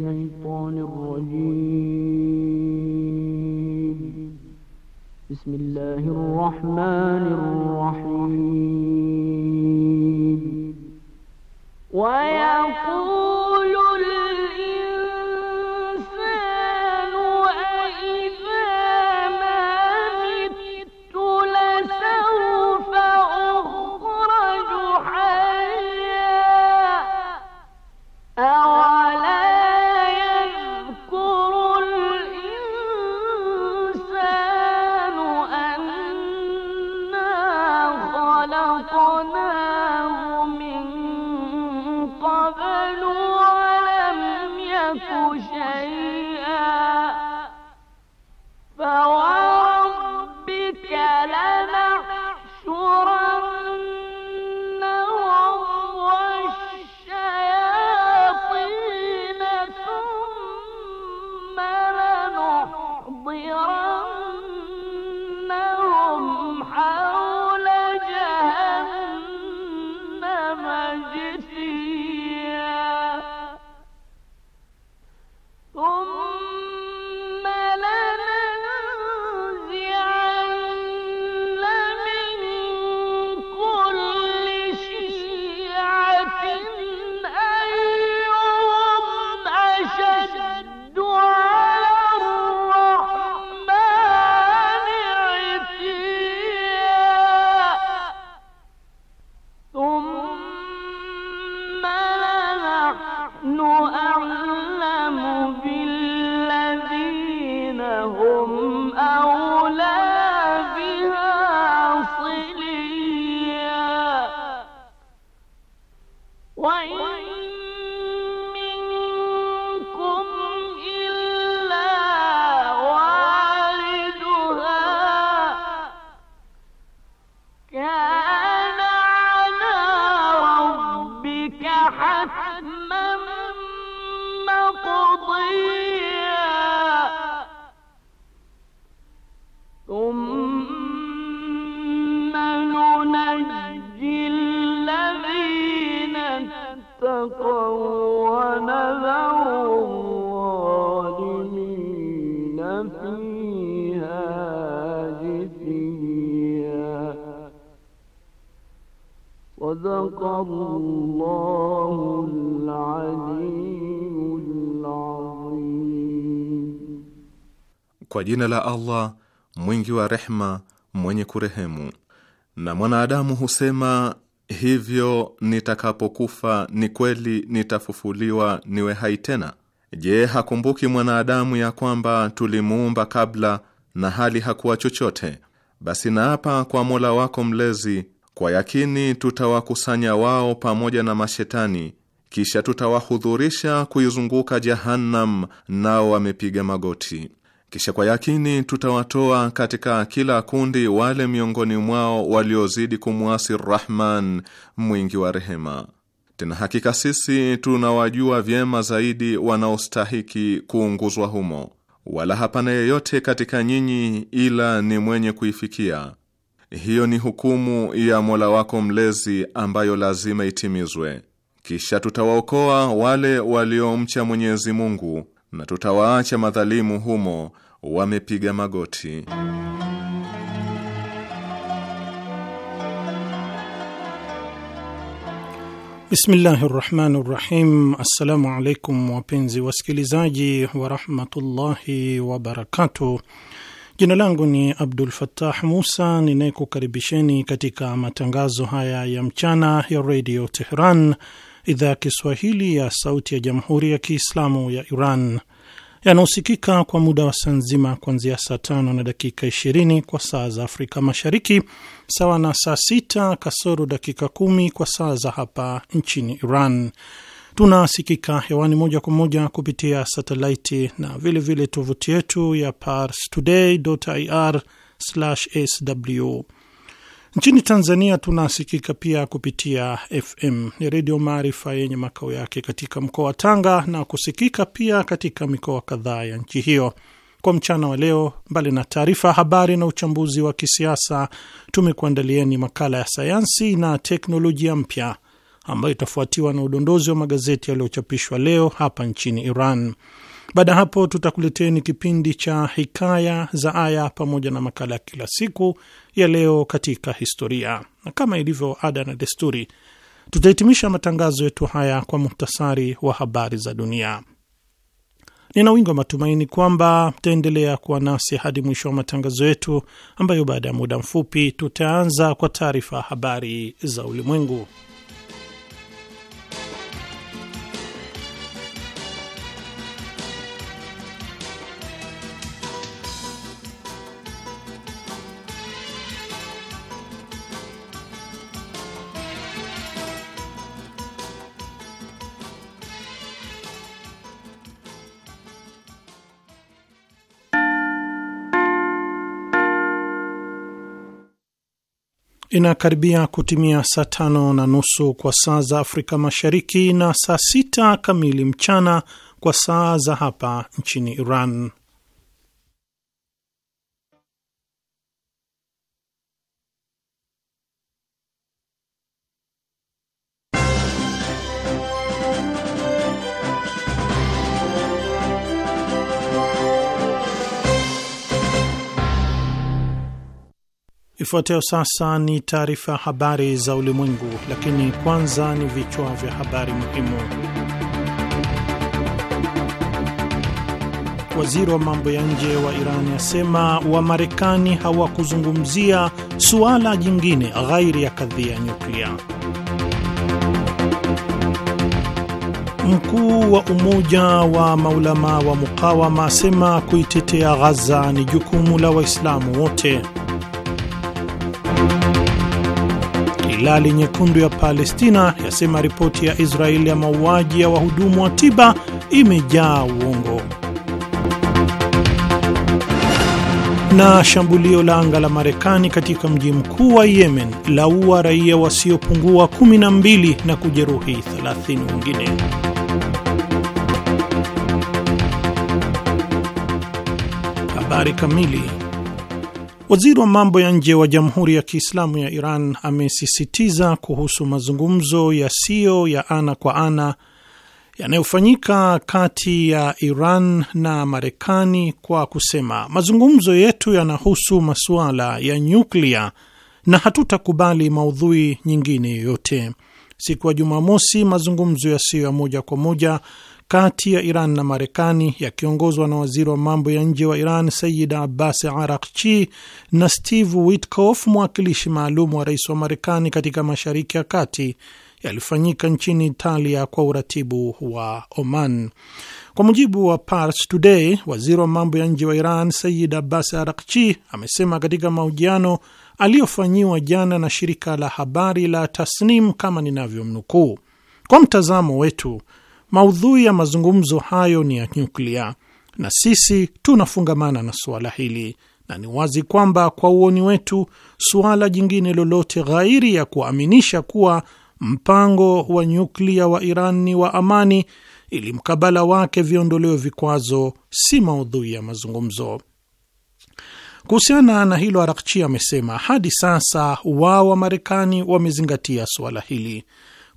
الشيطان الرجيم بسم الله الرحمن الرحيم ويقول wine. Kwa jina la Allah mwingi wa rehma, mwenye kurehemu. Na mwanadamu husema hivyo, nitakapokufa ni kweli nitafufuliwa niwe hai tena? Je, hakumbuki mwanadamu ya kwamba tulimuumba kabla na hali hakuwa chochote? Basi naapa kwa Mola wako Mlezi, kwa yakini tutawakusanya wao pamoja na mashetani, kisha tutawahudhurisha kuizunguka Jahannam, nao wamepiga magoti. Kisha kwa yakini tutawatoa katika kila kundi wale miongoni mwao waliozidi kumwasi Rahman mwingi wa rehema. Tena hakika sisi tunawajua vyema zaidi wanaostahiki kuunguzwa humo, wala hapana yeyote katika nyinyi ila ni mwenye kuifikia. Hiyo ni hukumu ya Mola wako Mlezi ambayo lazima itimizwe. Kisha tutawaokoa wale waliomcha Mwenyezi Mungu na tutawaacha madhalimu humo wamepiga magoti. Bismillahi rahmani rahim. Assalamu alaikum wapenzi wasikilizaji warahmatullahi wabarakatuh. Jina langu ni Abdul Fattah Musa ninayekukaribisheni katika matangazo haya ya mchana ya redio Tehran idhaa ya Kiswahili ya Sauti ya Jamhuri ya Kiislamu ya Iran yanaosikika kwa muda wa saa nzima kuanzia saa tano na dakika 20 kwa saa za Afrika Mashariki, sawa na saa sita kasoro dakika kumi kwa saa za hapa nchini Iran. Tunasikika hewani moja kwa moja kupitia satelaiti na vilevile tovuti yetu ya Pars Today ir sw Nchini Tanzania tunasikika pia kupitia FM ni Redio Maarifa yenye makao yake katika mkoa wa Tanga na kusikika pia katika mikoa kadhaa ya nchi hiyo. Kwa mchana wa leo, mbali na taarifa habari na uchambuzi wa kisiasa, tumekuandalieni makala ya sayansi na teknolojia mpya ambayo itafuatiwa na udondozi wa magazeti yaliyochapishwa leo hapa nchini Iran. Baada ya hapo, tutakuleteni kipindi cha hikaya za aya pamoja na makala ya kila siku ya leo katika historia, na kama ilivyo ada na desturi, tutahitimisha matangazo yetu haya kwa muhtasari wa habari za dunia. Nina wingi wa matumaini kwamba mtaendelea kuwa nasi hadi mwisho wa matangazo yetu, ambayo baada ya muda mfupi tutaanza kwa taarifa habari za ulimwengu. Inakaribia kutimia saa tano na nusu kwa saa za Afrika Mashariki na saa sita kamili mchana kwa saa za hapa nchini Iran. Ifuatayo sasa ni taarifa habari za ulimwengu, lakini kwanza ni vichwa vya habari muhimu. Waziri wa mambo ya nje wa Iran asema Wamarekani hawakuzungumzia suala jingine ghairi ya kadhia nyuklia. Mkuu wa Umoja wa Maulama wa Mukawama asema kuitetea Ghaza ni jukumu la Waislamu wote. Hilali Nyekundu ya Palestina yasema ripoti ya Israeli ya mauaji ya wahudumu wa tiba imejaa uongo. Na shambulio la anga la Marekani katika mji mkuu wa Yemen laua raia wasiopungua 12 na kujeruhi 30 wengine. Habari kamili Waziri wa mambo ya nje wa Jamhuri ya Kiislamu ya Iran amesisitiza kuhusu mazungumzo yasiyo ya ana kwa ana yanayofanyika kati ya Iran na Marekani kwa kusema, mazungumzo yetu yanahusu masuala ya nyuklia na hatutakubali maudhui nyingine yoyote. Siku ya Jumamosi, mazungumzo yasiyo ya moja kwa moja kati ya Iran na Marekani yakiongozwa na waziri wa mambo ya nje wa Iran Sayid Abbas Arakchi na Steve Witkoff, mwakilishi maalum wa rais wa Marekani katika Mashariki ya Kati, yalifanyika nchini Italia kwa uratibu wa Oman. Kwa mujibu wa Pars Today, waziri wa mambo ya nje wa Iran Sayid Abbas Arakchi amesema katika mahojiano aliyofanyiwa jana na shirika la habari la Tasnim kama ninavyomnukuu, kwa mtazamo wetu maudhui ya mazungumzo hayo ni ya nyuklia, na sisi tunafungamana na suala hili, na ni wazi kwamba kwa uoni wetu suala jingine lolote ghairi ya kuaminisha kuwa mpango wa nyuklia wa Iran ni wa amani, ili mkabala wake viondolewe vikwazo, si maudhui ya mazungumzo. Kuhusiana na hilo, Arakchi amesema hadi sasa wao wa Marekani wamezingatia suala hili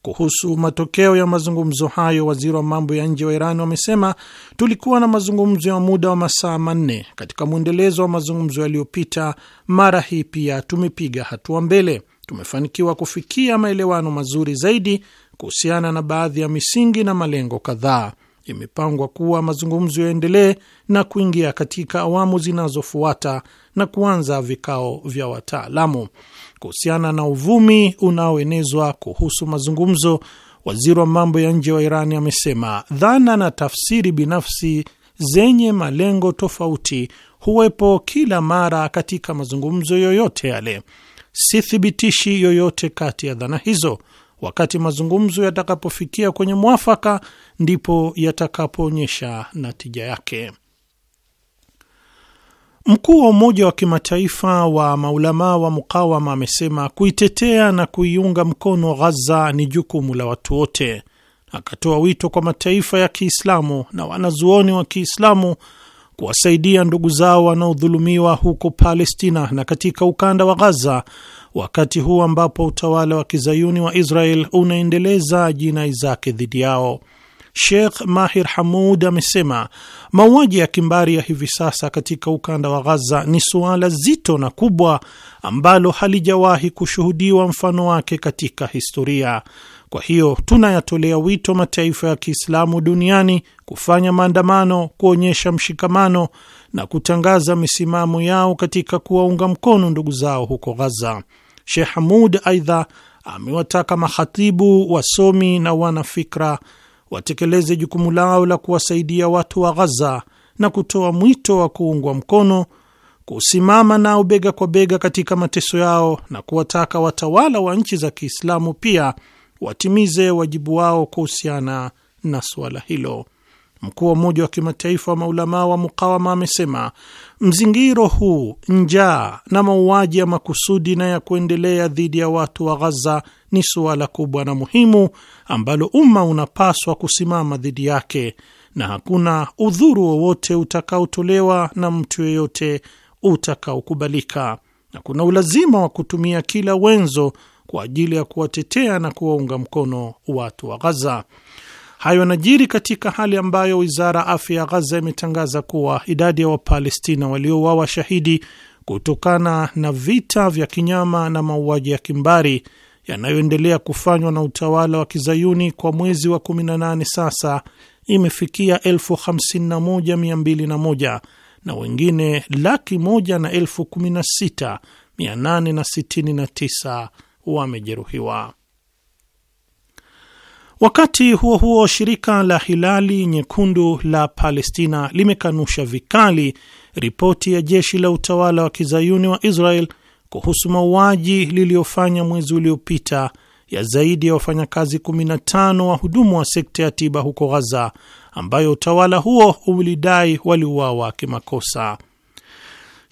kuhusu matokeo ya mazungumzo hayo, waziri wa mambo ya nje wa Iran wamesema tulikuwa na mazungumzo ya muda wa masaa manne. Katika mwendelezo wa mazungumzo yaliyopita, mara hii pia tumepiga hatua mbele. Tumefanikiwa kufikia maelewano mazuri zaidi kuhusiana na baadhi ya misingi na malengo kadhaa. Imepangwa kuwa mazungumzo yaendelee na kuingia katika awamu zinazofuata na kuanza vikao vya wataalamu kuhusiana na uvumi unaoenezwa kuhusu mazungumzo, waziri wa mambo ya nje wa Irani amesema dhana na tafsiri binafsi zenye malengo tofauti huwepo kila mara katika mazungumzo yoyote yale, si thibitishi yoyote kati ya dhana hizo. Wakati mazungumzo yatakapofikia kwenye mwafaka, ndipo yatakapoonyesha natija yake. Mkuu wa Umoja wa Kimataifa wa Maulamaa wa Mukawama amesema kuitetea na kuiunga mkono Ghaza ni jukumu la watu wote. Akatoa wito kwa mataifa ya Kiislamu na wanazuoni wa Kiislamu kuwasaidia ndugu zao wanaodhulumiwa huko Palestina na katika ukanda wa Ghaza, wakati huu ambapo utawala wa kizayuni wa Israel unaendeleza jinai zake dhidi yao. Sheikh Mahir Hamud amesema mauaji ya kimbari ya hivi sasa katika ukanda wa Ghaza ni suala zito na kubwa ambalo halijawahi kushuhudiwa mfano wake katika historia. Kwa hiyo tunayatolea wito mataifa ya Kiislamu duniani kufanya maandamano, kuonyesha mshikamano na kutangaza misimamo yao katika kuwaunga mkono ndugu zao huko Ghaza. Sheikh Hamud aidha amewataka mahatibu, wasomi na wanafikra watekeleze jukumu lao la kuwasaidia watu wa Ghaza na kutoa mwito wa kuungwa mkono, kusimama nao bega kwa bega katika mateso yao, na kuwataka watawala wa nchi za Kiislamu pia watimize wajibu wao kuhusiana na suala hilo. Mkuu wa Umoja wa Kimataifa wa Maulamaa wa Mukawama amesema Mzingiro huu, njaa na mauaji ya makusudi na ya kuendelea dhidi ya watu wa Ghaza ni suala kubwa na muhimu ambalo umma unapaswa kusimama dhidi yake, na hakuna udhuru wowote utakaotolewa na mtu yeyote utakaokubalika, na kuna ulazima wa kutumia kila wenzo kwa ajili ya kuwatetea na kuwaunga mkono watu wa Ghaza. Hayo yanajiri katika hali ambayo wizara afya ya Ghaza imetangaza kuwa idadi ya Wapalestina waliouawa shahidi kutokana na vita vya kinyama na mauaji ya kimbari yanayoendelea kufanywa na utawala wa kizayuni kwa mwezi wa 18 sasa imefikia 51201 na wengine laki moja na 16869 na wamejeruhiwa. Wakati huo huo, shirika la Hilali Nyekundu la Palestina limekanusha vikali ripoti ya jeshi la utawala wa kizayuni wa Israel kuhusu mauaji liliyofanya mwezi uliopita ya zaidi ya wafanyakazi 15 wa hudumu wa sekta ya tiba huko Ghaza, ambayo utawala huo ulidai waliuawa kimakosa.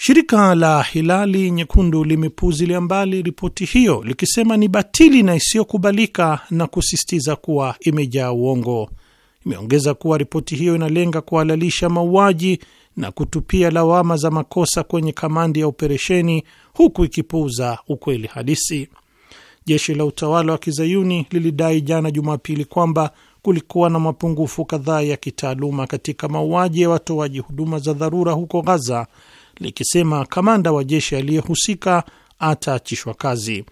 Shirika la Hilali Nyekundu limepuuzilia mbali ripoti hiyo likisema ni batili na isiyokubalika na kusisitiza kuwa imejaa uongo. Imeongeza kuwa ripoti hiyo inalenga kuhalalisha mauaji na kutupia lawama za makosa kwenye kamandi ya operesheni huku ikipuuza ukweli halisi. Jeshi la utawala wa kizayuni lilidai jana Jumapili kwamba kulikuwa na mapungufu kadhaa ya kitaaluma katika mauaji ya watoaji huduma za dharura huko Gaza likisema kamanda wa jeshi aliyehusika ataachishwa kazi.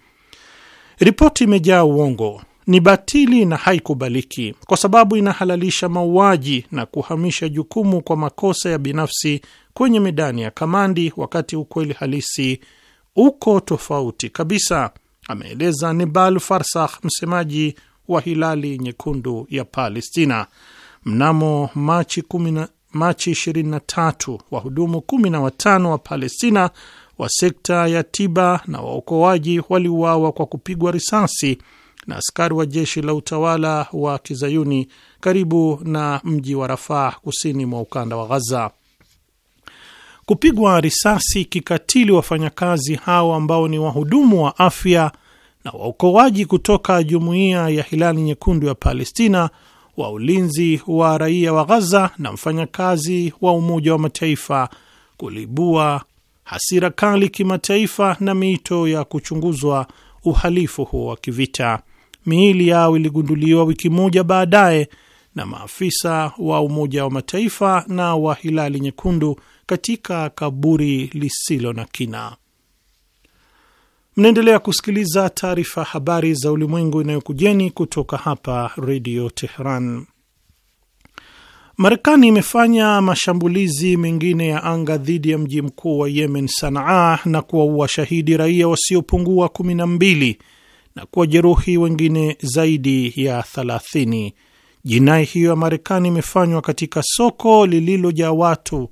Ripoti imejaa uongo, ni batili na haikubaliki, kwa sababu inahalalisha mauaji na kuhamisha jukumu kwa makosa ya binafsi kwenye medani ya kamandi, wakati ukweli halisi uko tofauti kabisa, ameeleza Nibal Farsakh, msemaji wa Hilali Nyekundu ya Palestina mnamo Machi Machi 23 wahudumu 15 wa Palestina wa sekta ya tiba na waokoaji waliuawa kwa kupigwa risasi na askari wa jeshi la utawala wa kizayuni karibu na mji wa Rafah kusini mwa ukanda wa Ghaza. Kupigwa risasi kikatili wafanyakazi hao ambao ni wahudumu wa afya na waokoaji kutoka jumuiya ya Hilali Nyekundu ya Palestina wa ulinzi wa raia wa Ghaza na mfanyakazi wa Umoja wa Mataifa kulibua hasira kali kimataifa na miito ya kuchunguzwa uhalifu huo wa kivita. Miili yao iligunduliwa wiki moja baadaye na maafisa wa Umoja wa Mataifa na wa Hilali Nyekundu katika kaburi lisilo na kina. Mnaendelea kusikiliza taarifa habari za ulimwengu inayokujeni kutoka hapa redio Tehran. Marekani imefanya mashambulizi mengine ya anga dhidi ya mji mkuu wa Yemen, Sanaa, na kuwaua shahidi raia wasiopungua kumi na mbili na kuwajeruhi wengine zaidi ya thelathini. Jinai hiyo ya Marekani imefanywa katika soko lililojaa watu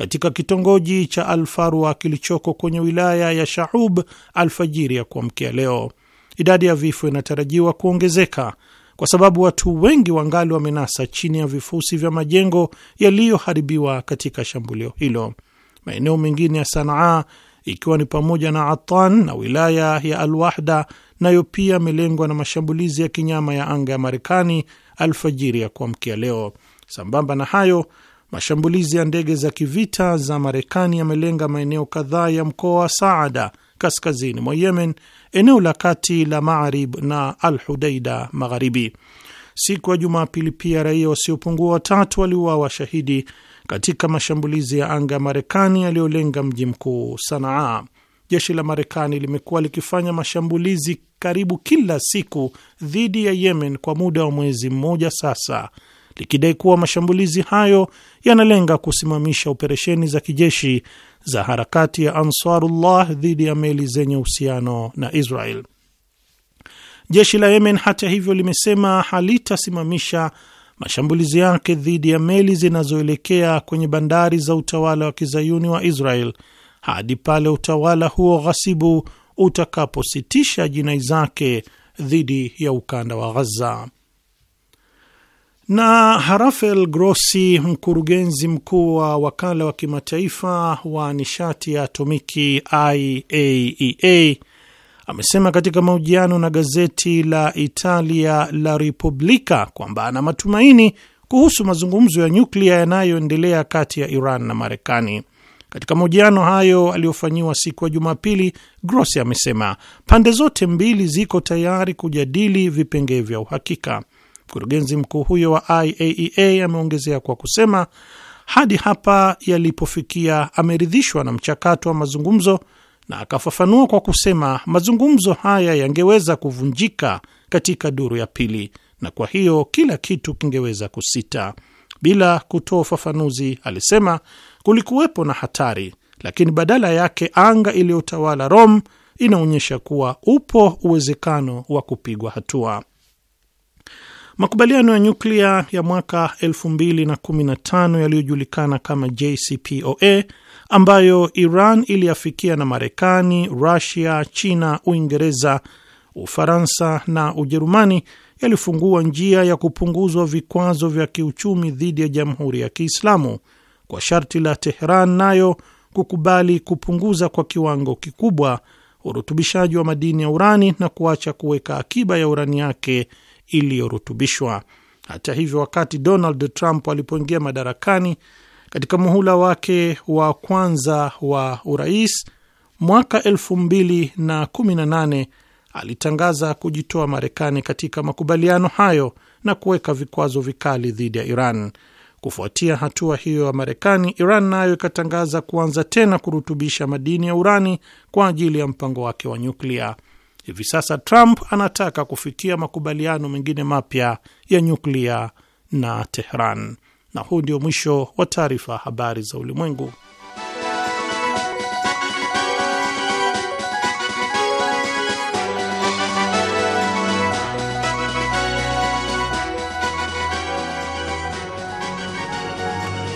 katika kitongoji cha Alfarwa kilichoko kwenye wilaya ya Shaub alfajiri ya kuamkia leo. Idadi ya vifo inatarajiwa kuongezeka kwa sababu watu wengi wangali wamenasa chini ya vifusi vya majengo yaliyoharibiwa katika shambulio hilo. Maeneo mengine ya Sanaa ikiwa ni pamoja na Atan na wilaya ya Alwahda nayo pia amelengwa na mashambulizi ya kinyama ya anga ya Marekani alfajiri ya kuamkia leo. Sambamba na hayo Mashambulizi ya ndege za kivita za Marekani yamelenga maeneo kadhaa ya mkoa wa Saada kaskazini mwa Yemen, eneo la kati la Marib na Al Hudaida magharibi. Siku ya Jumapili pia raia wasiopungua watatu waliuawa shahidi katika mashambulizi ya anga ya Marekani yaliyolenga mji mkuu Sanaa. Jeshi la Marekani limekuwa likifanya mashambulizi karibu kila siku dhidi ya Yemen kwa muda wa mwezi mmoja sasa likidai kuwa mashambulizi hayo yanalenga kusimamisha operesheni za kijeshi za harakati ya Ansarullah dhidi ya meli zenye uhusiano na Israel. Jeshi la Yemen hata hivyo limesema halitasimamisha mashambulizi yake dhidi ya meli zinazoelekea kwenye bandari za utawala wa kizayuni wa Israel hadi pale utawala huo ghasibu utakapositisha jinai zake dhidi ya ukanda wa Ghaza. Na Rafael Grossi, mkurugenzi mkuu wa wakala wa kimataifa wa nishati ya atomiki IAEA, e amesema katika mahojiano na gazeti la Italia la Repubblica kwamba ana matumaini kuhusu mazungumzo ya nyuklia yanayoendelea kati ya Iran na Marekani. Katika mahojiano hayo aliyofanyiwa siku ya Jumapili, Grossi amesema pande zote mbili ziko tayari kujadili vipengee vya uhakika. Mkurugenzi mkuu huyo wa IAEA e ameongezea kwa kusema hadi hapa yalipofikia ameridhishwa na mchakato wa mazungumzo, na akafafanua kwa kusema mazungumzo haya yangeweza kuvunjika katika duru ya pili, na kwa hiyo kila kitu kingeweza kusita. Bila kutoa ufafanuzi, alisema kulikuwepo na hatari, lakini badala yake anga iliyotawala Rome inaonyesha kuwa upo uwezekano wa kupigwa hatua. Makubaliano ya nyuklia ya mwaka 2015 yaliyojulikana kama JCPOA ambayo Iran iliafikia na Marekani, Rusia, China, Uingereza, Ufaransa na Ujerumani yalifungua njia ya kupunguzwa vikwazo vya kiuchumi dhidi ya Jamhuri ya Kiislamu kwa sharti la teheran nayo kukubali kupunguza kwa kiwango kikubwa urutubishaji wa madini ya urani na kuacha kuweka akiba ya urani yake iliyorutubishwa. Hata hivyo, wakati Donald Trump alipoingia madarakani katika muhula wake wa kwanza wa urais mwaka 2018 alitangaza kujitoa Marekani katika makubaliano hayo na kuweka vikwazo vikali dhidi ya Iran. Kufuatia hatua hiyo ya Marekani, Iran nayo ikatangaza kuanza tena kurutubisha madini ya urani kwa ajili ya mpango wake wa nyuklia. Hivi sasa Trump anataka kufikia makubaliano mengine mapya ya nyuklia na Tehran. Na huu ndio mwisho wa taarifa habari za ulimwengu.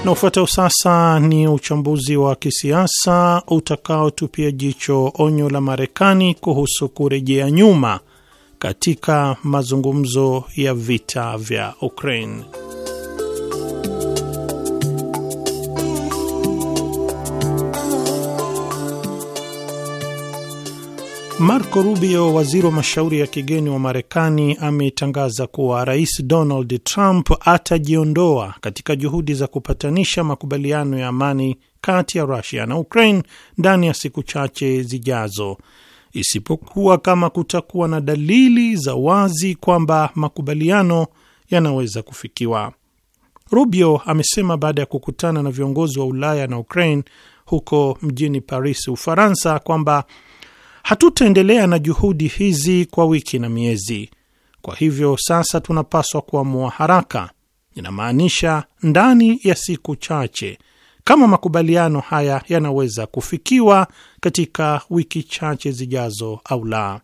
Na ufuatao sasa ni uchambuzi wa kisiasa utakaotupia jicho onyo la Marekani kuhusu kurejea nyuma katika mazungumzo ya vita vya Ukraine. Marco Rubio, waziri wa mashauri ya kigeni wa Marekani, ametangaza kuwa Rais Donald Trump atajiondoa katika juhudi za kupatanisha makubaliano ya amani kati ya Rusia na Ukraine ndani ya siku chache zijazo, isipokuwa kama kutakuwa na dalili za wazi kwamba makubaliano yanaweza kufikiwa. Rubio amesema baada ya kukutana na viongozi wa Ulaya na Ukraine huko mjini Paris, Ufaransa, kwamba Hatutaendelea na juhudi hizi kwa wiki na miezi. Kwa hivyo sasa tunapaswa kuamua haraka, inamaanisha ndani ya siku chache, kama makubaliano haya yanaweza kufikiwa katika wiki chache zijazo au la.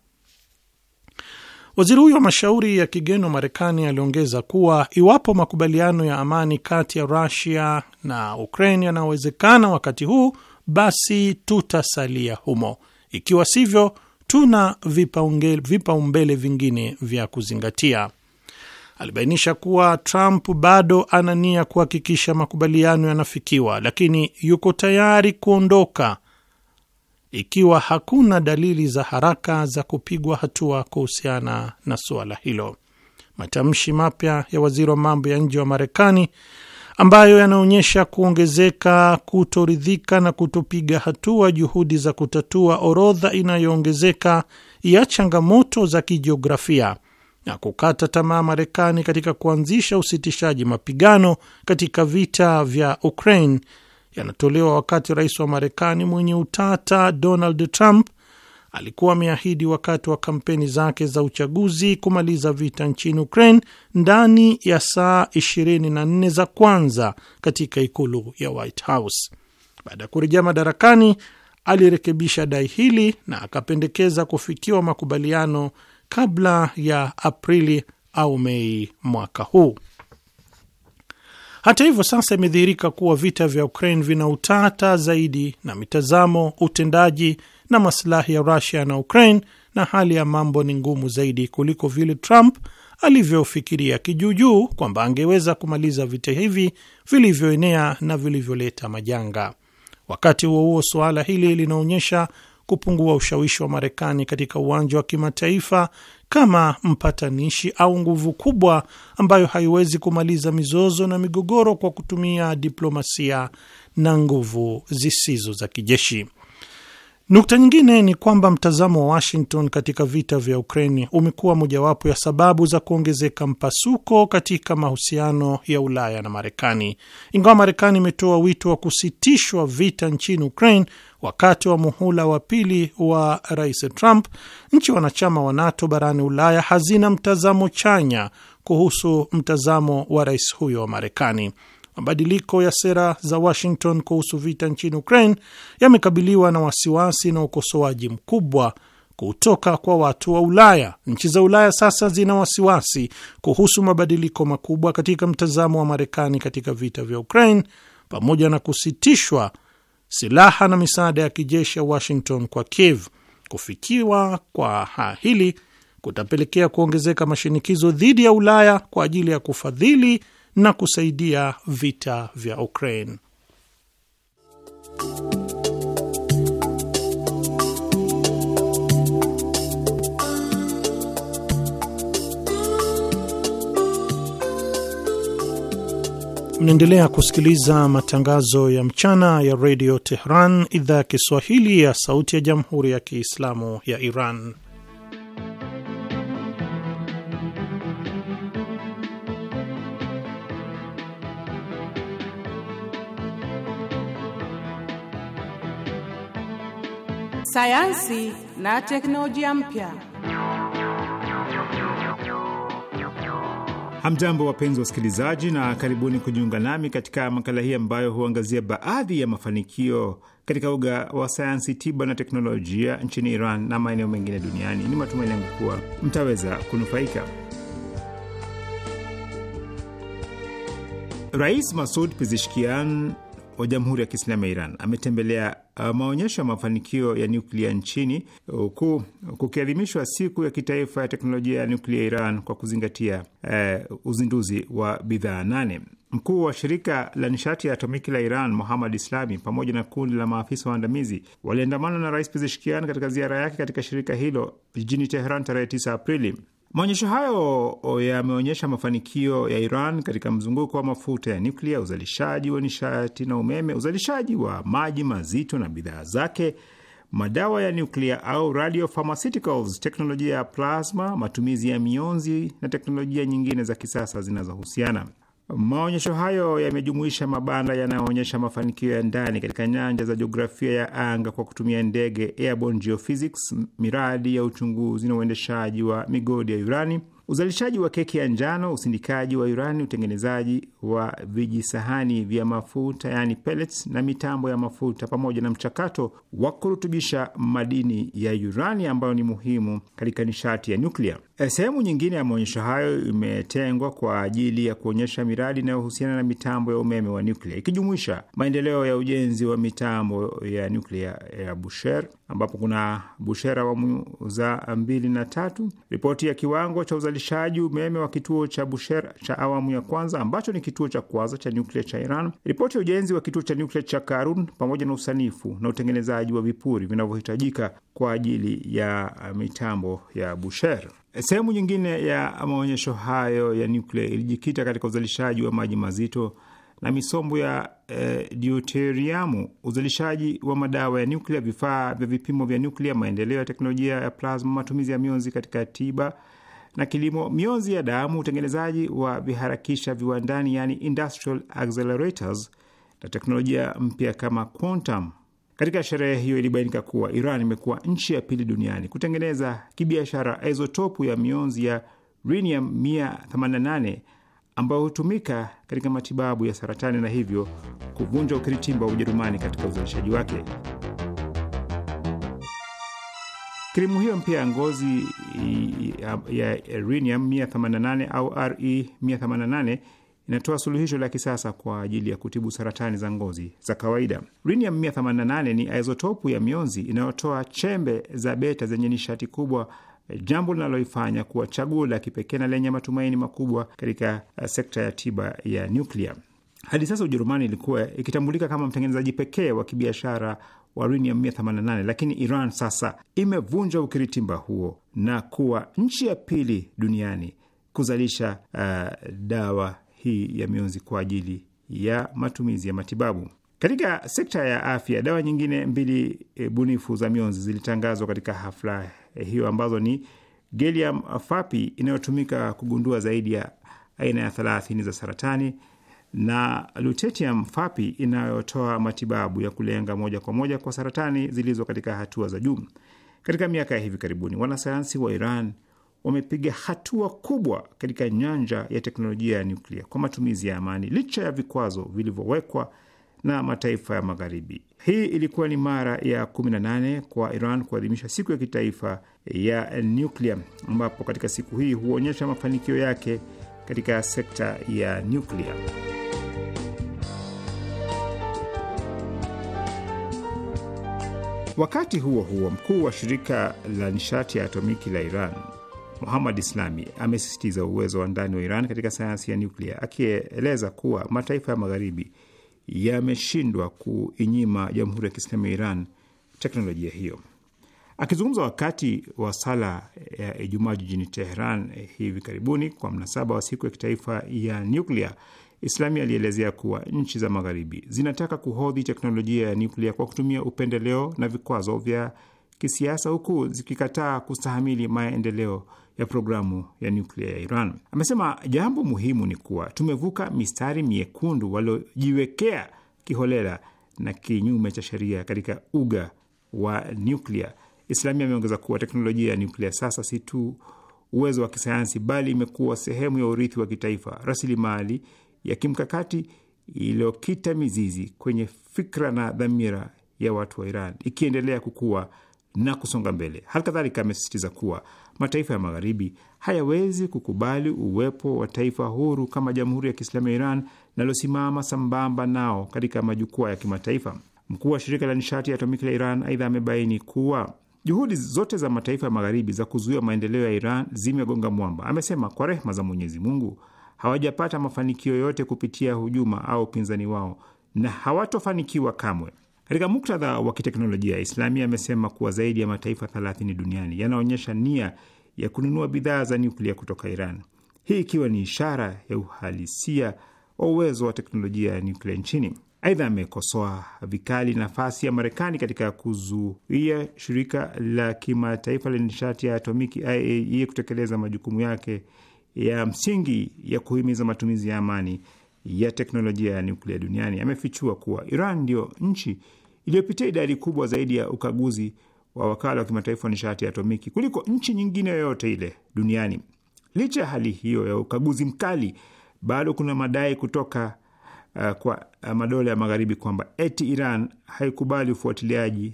Waziri huyo wa mashauri ya kigeni wa Marekani aliongeza kuwa iwapo makubaliano ya amani kati ya Rusia na Ukraine yanawezekana wakati huu, basi tutasalia humo ikiwa sivyo, tuna vipaumbele vingine vya kuzingatia. Alibainisha kuwa Trump bado ana nia kuhakikisha makubaliano yanafikiwa, lakini yuko tayari kuondoka ikiwa hakuna dalili za haraka za kupigwa hatua kuhusiana na suala hilo. Matamshi mapya ya waziri wa mambo ya nje wa Marekani ambayo yanaonyesha kuongezeka kutoridhika na kutopiga hatua juhudi za kutatua orodha inayoongezeka ya changamoto za kijiografia na kukata tamaa Marekani katika kuanzisha usitishaji mapigano katika vita vya Ukraine yanatolewa wakati rais wa Marekani mwenye utata Donald Trump alikuwa ameahidi wakati wa kampeni zake za uchaguzi kumaliza vita nchini Ukraine ndani ya saa 24 za kwanza katika ikulu ya White House. Baada ya kurejea madarakani, alirekebisha dai hili na akapendekeza kufikiwa makubaliano kabla ya Aprili au Mei mwaka huu. Hata hivyo, sasa imedhihirika kuwa vita vya Ukraine vina utata zaidi na mitazamo, utendaji na masilahi ya Rusia na Ukraine, na hali ya mambo ni ngumu zaidi kuliko vile Trump alivyofikiria kijuujuu kwamba angeweza kumaliza vita hivi vilivyoenea na vilivyoleta majanga. Wakati huo huo, suala hili linaonyesha kupungua ushawishi wa Marekani katika uwanja wa kimataifa kama mpatanishi au nguvu kubwa ambayo haiwezi kumaliza mizozo na migogoro kwa kutumia diplomasia na nguvu zisizo za kijeshi. Nukta nyingine ni kwamba mtazamo wa Washington katika vita vya Ukraini umekuwa mojawapo ya sababu za kuongezeka mpasuko katika mahusiano ya Ulaya na Marekani. Ingawa Marekani imetoa wito wa kusitishwa vita nchini Ukraine wakati wa muhula wa pili wa Rais Trump, nchi wanachama wa NATO barani Ulaya hazina mtazamo chanya kuhusu mtazamo wa rais huyo wa Marekani. Mabadiliko ya sera za Washington kuhusu vita nchini Ukraine yamekabiliwa na wasiwasi na ukosoaji mkubwa kutoka kwa watu wa Ulaya. Nchi za Ulaya sasa zina wasiwasi kuhusu mabadiliko makubwa katika mtazamo wa Marekani katika vita vya Ukraine, pamoja na kusitishwa silaha na misaada ya kijeshi ya Washington kwa Kiev. Kufikiwa kwa hili kutapelekea kuongezeka mashinikizo dhidi ya Ulaya kwa ajili ya kufadhili na kusaidia vita vya Ukraine. Mnaendelea kusikiliza matangazo ya mchana ya redio Tehran, idhaa ya Kiswahili ya sauti ya jamhuri ya kiislamu ya Iran. sayansi na teknolojia mpya. Hamjambo, wapenzi wa wasikilizaji, na karibuni kujiunga nami katika makala hii ambayo huangazia baadhi ya mafanikio katika uga wa sayansi tiba na teknolojia nchini Iran na maeneo mengine duniani. Ni matumaini yangu kuwa mtaweza kunufaika. Rais Masud Pezeshkian wa Jamhuri ya Kiislamu ya Iran ametembelea Uh, maonyesho ya mafanikio ya nyuklia nchini, huku uh, kukiadhimishwa siku ya kitaifa ya teknolojia ya nyuklia Iran kwa kuzingatia uh, uzinduzi wa bidhaa nane. Mkuu wa shirika la nishati ya atomiki la Iran Muhammad Islami pamoja na kundi la maafisa waandamizi waliandamana na Rais Pezeshkian katika ziara yake katika shirika hilo jijini Teheran tarehe 9 Aprili. Maonyesho hayo yameonyesha mafanikio ya Iran katika mzunguko wa mafuta ya nyuklia, uzalishaji wa nishati na umeme, uzalishaji wa maji mazito na bidhaa zake, madawa ya nyuklia au radio teknolojia ya plasma, matumizi ya mionzi na teknolojia nyingine za kisasa zinazohusiana. Maonyesho hayo yamejumuisha mabanda yanayoonyesha mafanikio ya ndani katika nyanja za jiografia ya anga kwa kutumia ndege, airborne geophysics, miradi ya uchunguzi na uendeshaji wa migodi ya urani, uzalishaji wa keki ya njano, usindikaji wa urani, utengenezaji wa vijisahani vya mafuta yani pellets, na mitambo ya mafuta pamoja na mchakato wa kurutubisha madini ya urani ambayo ni muhimu katika nishati ya nyuklia. Eh, sehemu nyingine ya maonyesho hayo imetengwa kwa ajili ya kuonyesha miradi inayohusiana na mitambo ya umeme wa nyuklia ikijumuisha maendeleo ya ujenzi wa mitambo ya nyuklia ya Busher ambapo kuna Busher awamu za mbili na tatu, ripoti ya kiwango cha uzalishaji umeme wa kituo cha Busher cha awamu ya kwanza ambacho ni kituo cha kwanza cha nyuklia cha Iran, ripoti ya ujenzi wa kituo cha nuklia cha Karun pamoja na usanifu na utengenezaji wa vipuri vinavyohitajika kwa ajili ya mitambo ya Busher. Sehemu nyingine ya maonyesho hayo ya nuklia ilijikita katika uzalishaji wa maji mazito na misombo ya eh, deuteriamu, uzalishaji wa madawa ya nuklia, vifaa vya vipimo vya nuklia, maendeleo ya teknolojia ya plasma, matumizi ya mionzi katika tiba na kilimo, mionzi ya damu, utengenezaji wa viharakisha viwandani, yani industrial accelerators, na teknolojia mpya kama quantum. Katika sherehe hiyo ilibainika kuwa Iran imekuwa nchi ya pili duniani kutengeneza kibiashara izotopu ya mionzi ya rhenium 188 ambayo hutumika katika matibabu ya saratani na hivyo kuvunja ukiritimba wa Ujerumani katika uzalishaji wake. Krimu hiyo mpya ya ngozi ya rhenium 188 au Re 188 inatoa suluhisho la kisasa kwa ajili ya kutibu saratani za ngozi za kawaida. Rhenium 188 ni isotopu ya mionzi inayotoa chembe za beta zenye nishati kubwa, eh, jambo linaloifanya kuwa chaguo la kipekee na lenye matumaini makubwa katika eh, sekta ya tiba ya nyuklia. Hadi sasa Ujerumani ilikuwa ikitambulika kama mtengenezaji pekee wa kibiashara wa rhenium 188, lakini Iran sasa imevunja ukiritimba huo na kuwa nchi ya pili duniani kuzalisha uh, dawa hii ya mionzi kwa ajili ya matumizi ya matibabu. Katika sekta ya afya, dawa nyingine mbili e, bunifu za mionzi zilitangazwa katika hafla e, hiyo ambazo ni gallium fapi inayotumika kugundua zaidi ya aina ya thelathini za saratani na lutetium fapi inayotoa matibabu ya kulenga moja kwa moja kwa saratani zilizo katika hatua za juu. Katika miaka ya hivi karibuni, wanasayansi wa Iran wamepiga hatua kubwa katika nyanja ya teknolojia ya nyuklia kwa matumizi ya amani licha ya vikwazo vilivyowekwa na mataifa ya Magharibi. Hii ilikuwa ni mara ya 18 kwa Iran kuadhimisha siku ya kitaifa ya nyuklia, ambapo katika siku hii huonyesha mafanikio yake katika sekta ya nyuklia. Wakati huo huo, mkuu wa shirika la nishati ya atomiki la Iran Muhammad Islami amesisitiza uwezo wa ndani wa Iran katika sayansi ya nyuklia, akieleza kuwa mataifa ya Magharibi yameshindwa kuinyima Jamhuri ya Kiislamu ya Iran teknolojia hiyo. Akizungumza wakati wa sala ya Ijumaa jijini Teheran hivi karibuni kwa mnasaba wa siku ya kitaifa ya nyuklia, Islami alielezea kuwa nchi za Magharibi zinataka kuhodhi teknolojia ya nyuklia kwa kutumia upendeleo na vikwazo vya kisiasa, huku zikikataa kustahamili maendeleo ya programu ya nyuklia ya Iran. Amesema jambo muhimu ni kuwa tumevuka mistari miekundu waliojiwekea kiholela na kinyume cha sheria katika uga wa nyuklia. Islamia ameongeza kuwa teknolojia ya nyuklia sasa si tu uwezo wa kisayansi, bali imekuwa sehemu ya urithi wa kitaifa, rasilimali ya kimkakati iliyokita mizizi kwenye fikra na dhamira ya watu wa Iran, ikiendelea kukua na kusonga mbele. Hali kadhalika amesisitiza kuwa mataifa ya Magharibi hayawezi kukubali uwepo wa taifa huru kama Jamhuri ya Kiislamu ya Iran linalosimama sambamba nao katika majukwaa ya kimataifa. Mkuu wa shirika la nishati ya atomiki la Iran aidha amebaini kuwa juhudi zote za mataifa ya Magharibi za kuzuia maendeleo ya Iran zimegonga mwamba. Amesema kwa rehma za Mwenyezi Mungu hawajapata mafanikio yote kupitia hujuma au upinzani wao na hawatofanikiwa kamwe. Katika muktadha wa kiteknolojia, islami amesema kuwa zaidi ya mataifa 30 duniani yanaonyesha nia ya kununua bidhaa za nyuklia kutoka Iran, hii ikiwa ni ishara ya uhalisia wa uwezo wa teknolojia ya nyuklia nchini. Aidha, amekosoa vikali nafasi ya Marekani katika kuzuia shirika la kimataifa la nishati ya atomiki IAEA e, kutekeleza majukumu yake ya msingi ya kuhimiza matumizi ya amani ya teknolojia ya nyuklia duniani. Amefichua kuwa Iran ndiyo nchi iliyopitia idadi kubwa zaidi ya ukaguzi wa wakala wa kimataifa wa nishati ya atomiki kuliko nchi nyingine yoyote ile duniani. Licha ya hali hiyo ya ukaguzi mkali, bado kuna madai kutoka uh, kwa uh, madola ya magharibi kwamba eti Iran haikubali ufuatiliaji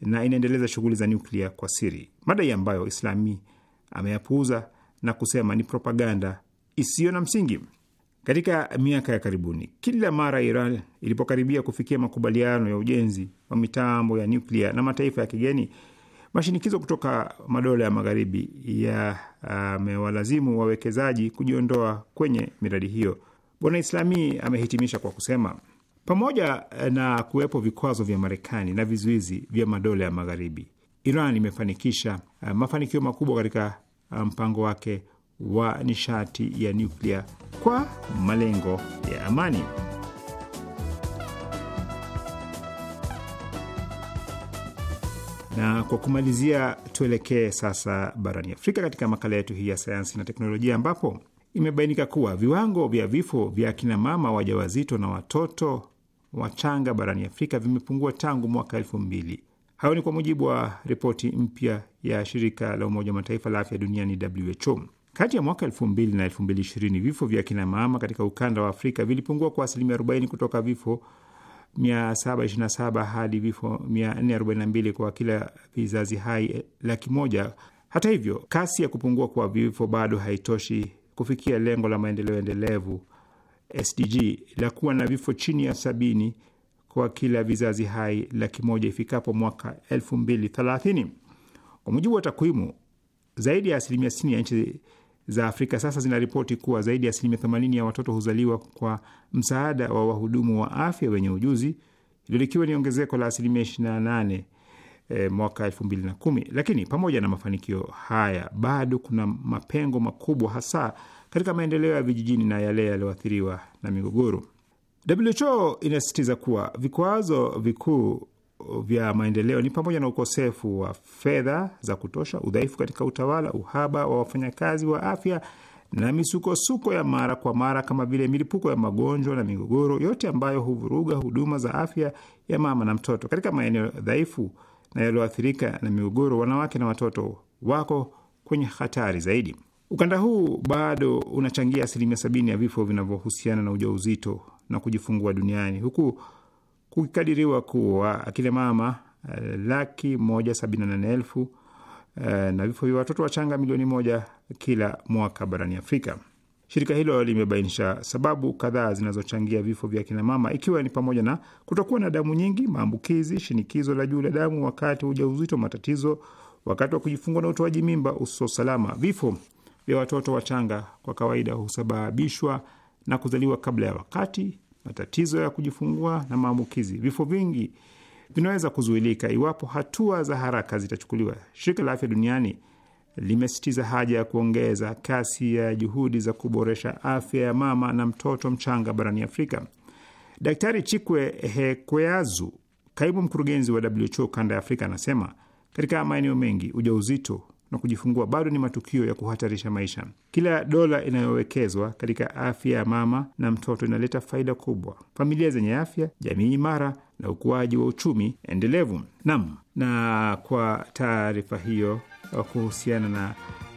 na inaendeleza shughuli za nyuklia kwa siri, madai ambayo Islami ameyapuuza na kusema ni propaganda isiyo na msingi. Katika miaka ya karibuni, kila mara Iran ilipokaribia kufikia makubaliano ya ujenzi wa mitambo ya nyuklia na mataifa ya kigeni, mashinikizo kutoka madola ya magharibi yamewalazimu uh, wawekezaji kujiondoa kwenye miradi hiyo. Bwana Islami amehitimisha kwa kusema, pamoja na kuwepo vikwazo vya Marekani na vizuizi vya madola ya magharibi, Iran imefanikisha uh, mafanikio makubwa katika eh, mpango um, wake wa nishati ya nyuklia kwa malengo ya amani. Na kwa kumalizia, tuelekee sasa barani Afrika katika makala yetu hii ya sayansi na teknolojia, ambapo imebainika kuwa viwango vya vifo vya waja wajawazito na watoto wachanga barani Afrika vimepungua tangu mwaka elfu mbili. Hayo ni kwa mujibu wa ripoti mpya ya shirika la Umoja wa Mataifa la afya duniani WHO. Kati ya mwaka 2000 na 2020 vifo vya kinamama katika ukanda wa Afrika vilipungua kwa asilimia 40 kutoka vifo 727 hadi vifo 442 kwa kila vizazi hai eh, laki moja. Hata hivyo, kasi ya kupungua kwa vifo bado haitoshi kufikia lengo la maendeleo endelevu SDG la kuwa na vifo chini ya sabini kwa kila vizazi hai laki moja ifikapo mwaka 2030. Kwa mujibu wa takwimu, zaidi ya asilimia 60 ya nchi za Afrika sasa zinaripoti kuwa zaidi ya asilimia themanini ya watoto huzaliwa kwa msaada wa wahudumu wa afya wenye ujuzi, hilo likiwa ni ongezeko la asilimia nane e, mwaka kumi. Lakini pamoja na mafanikio haya, bado kuna mapengo makubwa, hasa katika maendeleo ya vijijini na yale yaliyoathiriwa na migogoro. WHO inasisitiza kuwa vikwazo vikuu vya maendeleo ni pamoja na ukosefu wa fedha za kutosha, udhaifu katika utawala, uhaba wa wafanyakazi wa afya na misukosuko ya mara kwa mara kama vile milipuko ya magonjwa na migogoro, yote ambayo huvuruga huduma za afya ya mama na mtoto. Katika maeneo dhaifu na yaliyoathirika na migogoro, wanawake na watoto wako kwenye hatari zaidi. Ukanda huu bado unachangia asilimia sabini ya vifo vinavyohusiana na ujauzito na kujifungua duniani huku kukadiriwa kuwa akina mama eh, laki moja sabini na nane elfu eh, na vifo vya watoto wachanga milioni moja kila mwaka barani Afrika. Shirika hilo limebainisha sababu kadhaa zinazochangia vifo vya kina mama ikiwa ni pamoja na kutokuwa na damu nyingi, maambukizi, shinikizo la juu la damu wakati wa ujauzito, matatizo wakati wa kujifungua na utoaji mimba usio salama. Vifo vya watoto wachanga kwa kawaida husababishwa na kuzaliwa kabla ya wakati matatizo ya kujifungua na maambukizi. Vifo vingi vinaweza kuzuilika iwapo hatua za haraka zitachukuliwa. Shirika la Afya Duniani limesitiza haja ya kuongeza kasi ya juhudi za kuboresha afya ya mama na mtoto mchanga barani Afrika. Daktari Chikwe Hekweazu, kaimu mkurugenzi wa WHO kanda ya Afrika, anasema katika maeneo mengi ujauzito na kujifungua bado ni matukio ya kuhatarisha maisha. Kila dola inayowekezwa katika afya ya mama na mtoto inaleta faida kubwa, familia zenye afya, jamii imara na ukuaji wa uchumi endelevu. Nam, na kwa taarifa hiyo uh, kuhusiana na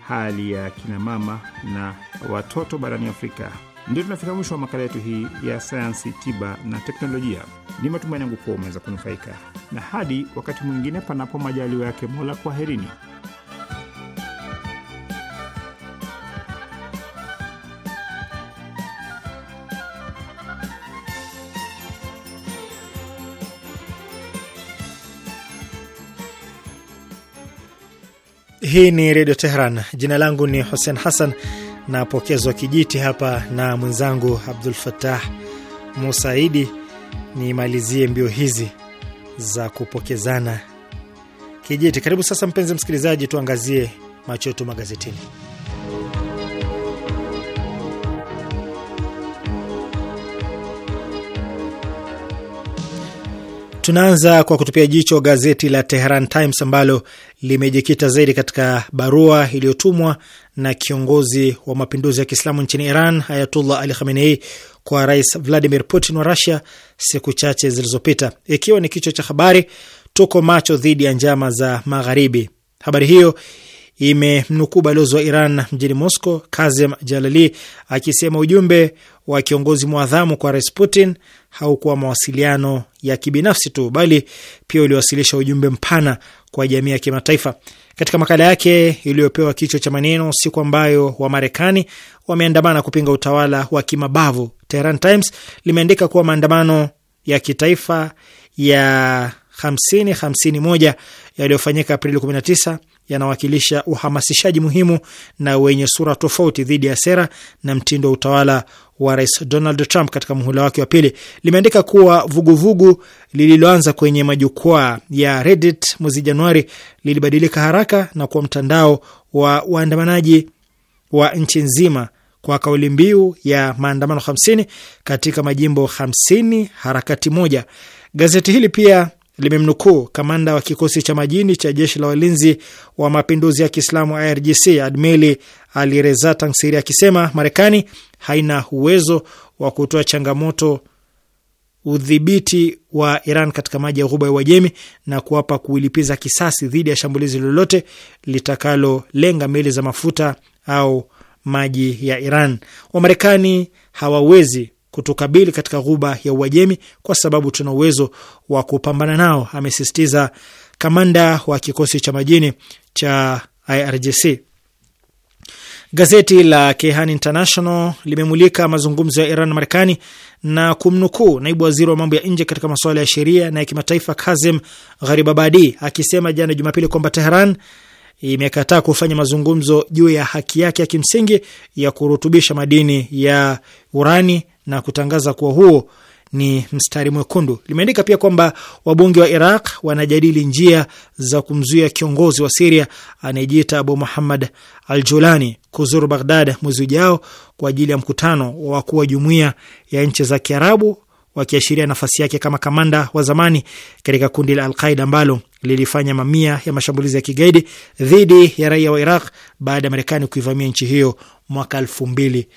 hali ya kinamama na watoto barani Afrika, ndio tunafika mwisho wa makala yetu hii ya sayansi, tiba na teknolojia. Ni matumaini yangu kuwa umeweza kunufaika, na hadi wakati mwingine, panapo majaliwa yake Mola, kwaherini. Hii ni Redio Teheran. Jina langu ni Hussein Hassan, napokezwa kijiti hapa na mwenzangu Abdul Fatah Musaidi nimalizie mbio hizi za kupokezana kijiti. Karibu sasa, mpenzi msikilizaji, tuangazie macho yetu magazetini. Tunaanza kwa kutupia jicho gazeti la Teheran Times ambalo limejikita zaidi katika barua iliyotumwa na kiongozi wa mapinduzi ya Kiislamu nchini Iran Ayatullah Ali Khamenei kwa Rais Vladimir Putin wa rusia siku chache zilizopita, ikiwa ni kichwa cha habari, tuko macho dhidi ya njama za Magharibi. Habari hiyo imemnukuu balozi wa Iran mjini Moscow Kazem Jalali akisema ujumbe wa kiongozi mwadhamu kwa Rais Putin haukuwa mawasiliano ya kibinafsi tu, bali pia uliwasilisha ujumbe mpana kwa jamii ya kimataifa. Katika makala yake iliyopewa kichwa cha maneno siku ambayo Wamarekani wameandamana kupinga utawala wa kimabavu, Tehran Times limeandika kuwa maandamano ya kitaifa ya 5051 yaliyofanyika Aprili 19 yanawakilisha uhamasishaji muhimu na wenye sura tofauti dhidi ya sera na mtindo wa utawala wa Rais Donald Trump katika muhula wake wa pili. Limeandika kuwa vuguvugu lililoanza kwenye majukwaa ya Reddit mwezi Januari lilibadilika haraka na kuwa mtandao wa waandamanaji wa nchi nzima kwa kauli mbiu ya maandamano 50 katika majimbo 50, harakati moja. Gazeti hili pia limemnukuu kamanda wa kikosi cha majini cha jeshi la walinzi wa mapinduzi ya Kiislamu IRGC Admeli alieleza tansiri akisema Marekani haina uwezo wa kutoa changamoto udhibiti wa Iran katika maji ya Ghuba ya Uajemi na kuwapa kuilipiza kisasi dhidi ya shambulizi lolote litakalolenga meli za mafuta au maji ya Iran. Wamarekani hawawezi kutukabili katika Ghuba ya Uajemi kwa sababu tuna uwezo wa kupambana nao, amesisitiza kamanda wa kikosi cha majini cha IRGC. Gazeti la Kehan International limemulika mazungumzo ya Iran na Marekani na kumnukuu naibu waziri wa mambo ya nje katika masuala ya sheria na ya kimataifa Kazim Gharibabadi akisema jana Jumapili kwamba Teheran imekataa kufanya mazungumzo juu ya haki yake ya kimsingi ya kurutubisha madini ya urani na kutangaza kuwa huo ni mstari mwekundu. Limeandika pia kwamba wabunge wa Iraq wanajadili njia za kumzuia kiongozi wa Siria anayejiita Abu Muhammad al Julani kuzuru Baghdad mwezi ujao kwa ajili ya mkutano wa wakuu wa Jumuiya ya Nchi za Kiarabu, wakiashiria nafasi yake kama kamanda wa zamani katika kundi la Alqaida ambalo lilifanya mamia ya mashambulizi ya kigaidi dhidi ya raia wa Iraq baada ya Marekani kuivamia nchi hiyo mwaka elfu mbili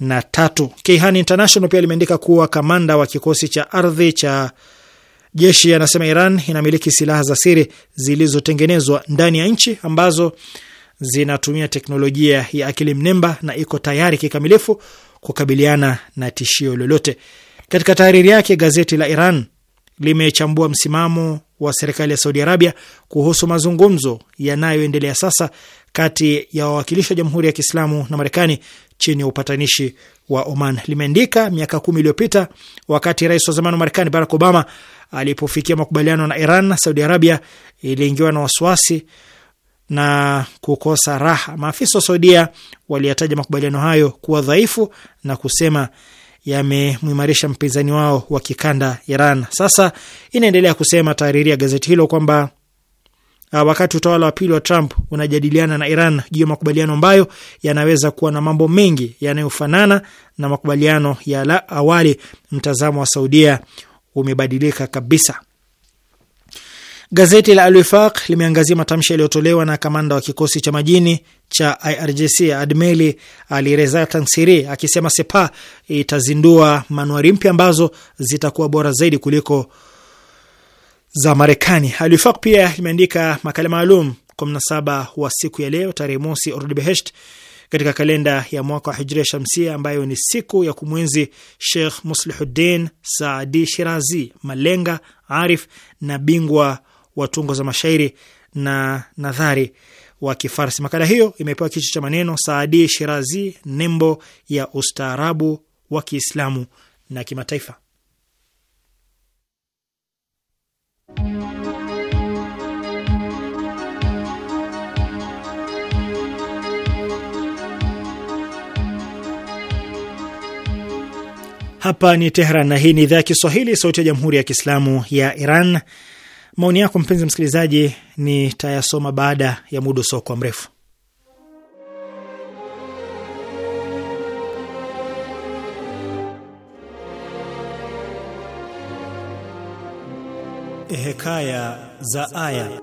na tatu. Keihan International pia limeandika kuwa kamanda wa kikosi cha ardhi cha jeshi anasema Iran inamiliki silaha za siri zilizotengenezwa ndani ya nchi ambazo zinatumia teknolojia ya akili mnemba na iko tayari kikamilifu kukabiliana na tishio lolote. Katika tahariri yake, gazeti la Iran limechambua msimamo wa serikali ya Saudi Arabia kuhusu mazungumzo yanayoendelea sasa kati ya wawakilishi wa Jamhuri ya Kiislamu na Marekani chini ya upatanishi wa Oman. Limeandika miaka kumi iliyopita wakati rais wa zamani wa Marekani Barack Obama alipofikia makubaliano na Iran, Saudi Arabia iliingiwa na wasiwasi na kukosa raha. Maafisa wa Saudia waliyataja makubaliano hayo kuwa dhaifu na kusema yamemwimarisha mpinzani wao wa kikanda Iran. Sasa inaendelea kusema tahariri ya gazeti hilo kwamba Ah, wakati utawala wa pili wa Trump unajadiliana na Iran juu ya makubaliano ambayo yanaweza kuwa na mambo mengi yanayofanana na makubaliano ya la awali, mtazamo wa Saudia umebadilika kabisa. Gazeti la Al-Wifaq limeangazia matamshi yaliyotolewa na kamanda wa kikosi cha majini cha IRGC Admeli Alireza Tansiri akisema Sepa itazindua manuari mpya ambazo zitakuwa bora zaidi kuliko za Marekani. Alwifaq pia limeandika makala maalum kwa mnasaba wa siku ya leo tarehe mosi Ordibehesht katika kalenda ya mwaka wa Hijria Shamsia, ambayo ni siku ya kumwenzi Sheikh Muslihuddin Saadi Shirazi, malenga arif na bingwa wa tungo za mashairi na nadhari wa Kifarsi. Makala hiyo imepewa kichwa cha maneno Saadi Shirazi, nembo ya ustaarabu wa Kiislamu na kimataifa. Hapa ni Tehran na hii ni idhaa ya Kiswahili, sauti ya jamhuri ya kiislamu ya Iran. Maoni yako mpenzi msikilizaji nitayasoma baada ya muda usiokuwa mrefu. Hekaya za Aya.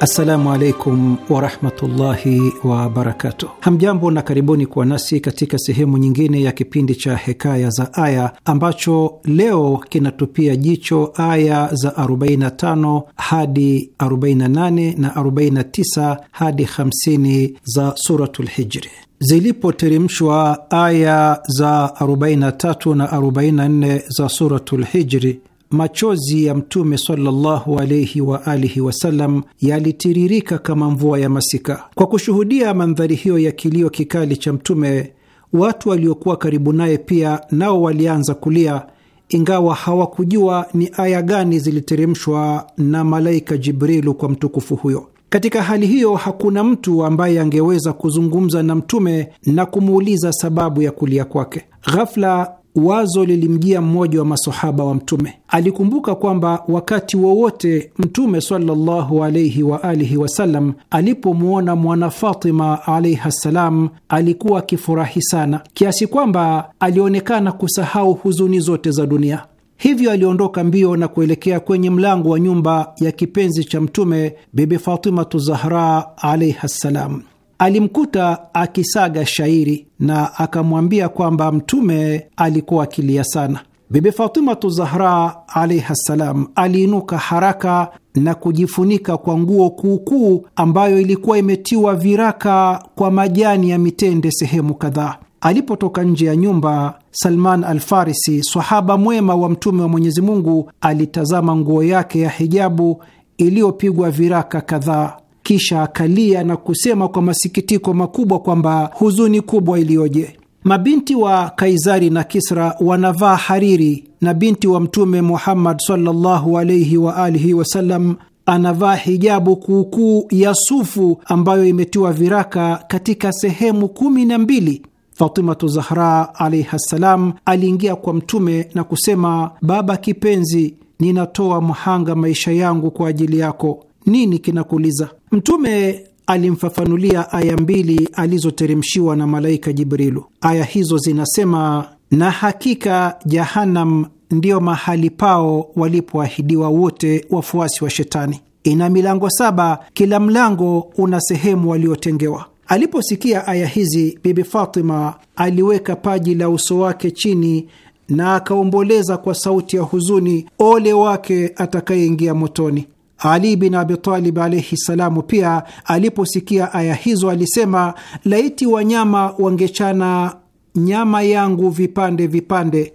Assalamu alaikum warahmatullahi wabarakatuh. Hamjambo na karibuni kuwa nasi katika sehemu nyingine ya kipindi cha Hekaya za Aya ambacho leo kinatupia jicho aya za 45 hadi 48 na 49 hadi 50 za suratu lhijri Zilipoteremshwa aya za 43 na 44 za Suratu lhijri machozi ya Mtume sallallahu alaihi wa alihi wasallam yalitiririka kama mvua ya masika. Kwa kushuhudia mandhari hiyo ya kilio kikali cha Mtume, watu waliokuwa karibu naye pia nao walianza kulia, ingawa hawakujua ni aya gani ziliteremshwa na malaika Jibrilu kwa mtukufu huyo. Katika hali hiyo, hakuna mtu ambaye angeweza kuzungumza na Mtume na kumuuliza sababu ya kulia kwake. Ghafla wazo lilimjia mmoja wa masahaba wa Mtume. Alikumbuka kwamba wakati wowote Mtume sallallahu alaihi wa alihi wasallam alipomwona mwana Fatima alaihi ssalam alikuwa akifurahi sana kiasi kwamba alionekana kusahau huzuni zote za dunia. Hivyo aliondoka mbio na kuelekea kwenye mlango wa nyumba ya kipenzi cha Mtume, Bibi Fatimatu Zahra alaihi ssalam alimkuta akisaga shairi na akamwambia kwamba Mtume alikuwa akilia sana. Bibi Fatimatu Zahra alaihi ssalam aliinuka haraka na kujifunika kwa nguo kuukuu ambayo ilikuwa imetiwa viraka kwa majani ya mitende sehemu kadhaa. Alipotoka nje ya nyumba, Salman Alfarisi, swahaba mwema wa Mtume wa Mwenyezi Mungu, alitazama nguo yake ya hijabu iliyopigwa viraka kadhaa kisha akalia na kusema kwa masikitiko makubwa kwamba huzuni kubwa iliyoje! Mabinti wa Kaisari na Kisra wanavaa hariri na binti wa Mtume Muhammad sallallahu alaihi wa alihi wasallam anavaa hijabu kuukuu ya sufu ambayo imetiwa viraka katika sehemu kumi na mbili. Fatimatu Zahra alaihi ssalam aliingia kwa Mtume na kusema, baba kipenzi, ninatoa mhanga maisha yangu kwa ajili yako nini kinakuuliza? Mtume alimfafanulia aya mbili alizoteremshiwa na malaika Jibrilu. Aya hizo zinasema, na hakika Jahanam ndiyo mahali pao walipoahidiwa wote wafuasi wa Shetani, ina milango saba, kila mlango una sehemu waliotengewa. Aliposikia aya hizi, Bibi Fatima aliweka paji la uso wake chini na akaomboleza kwa sauti ya huzuni, ole wake atakayeingia motoni. Ali bin Abitalib alaihi salamu pia aliposikia aya hizo alisema, laiti wanyama wangechana nyama yangu vipande vipande,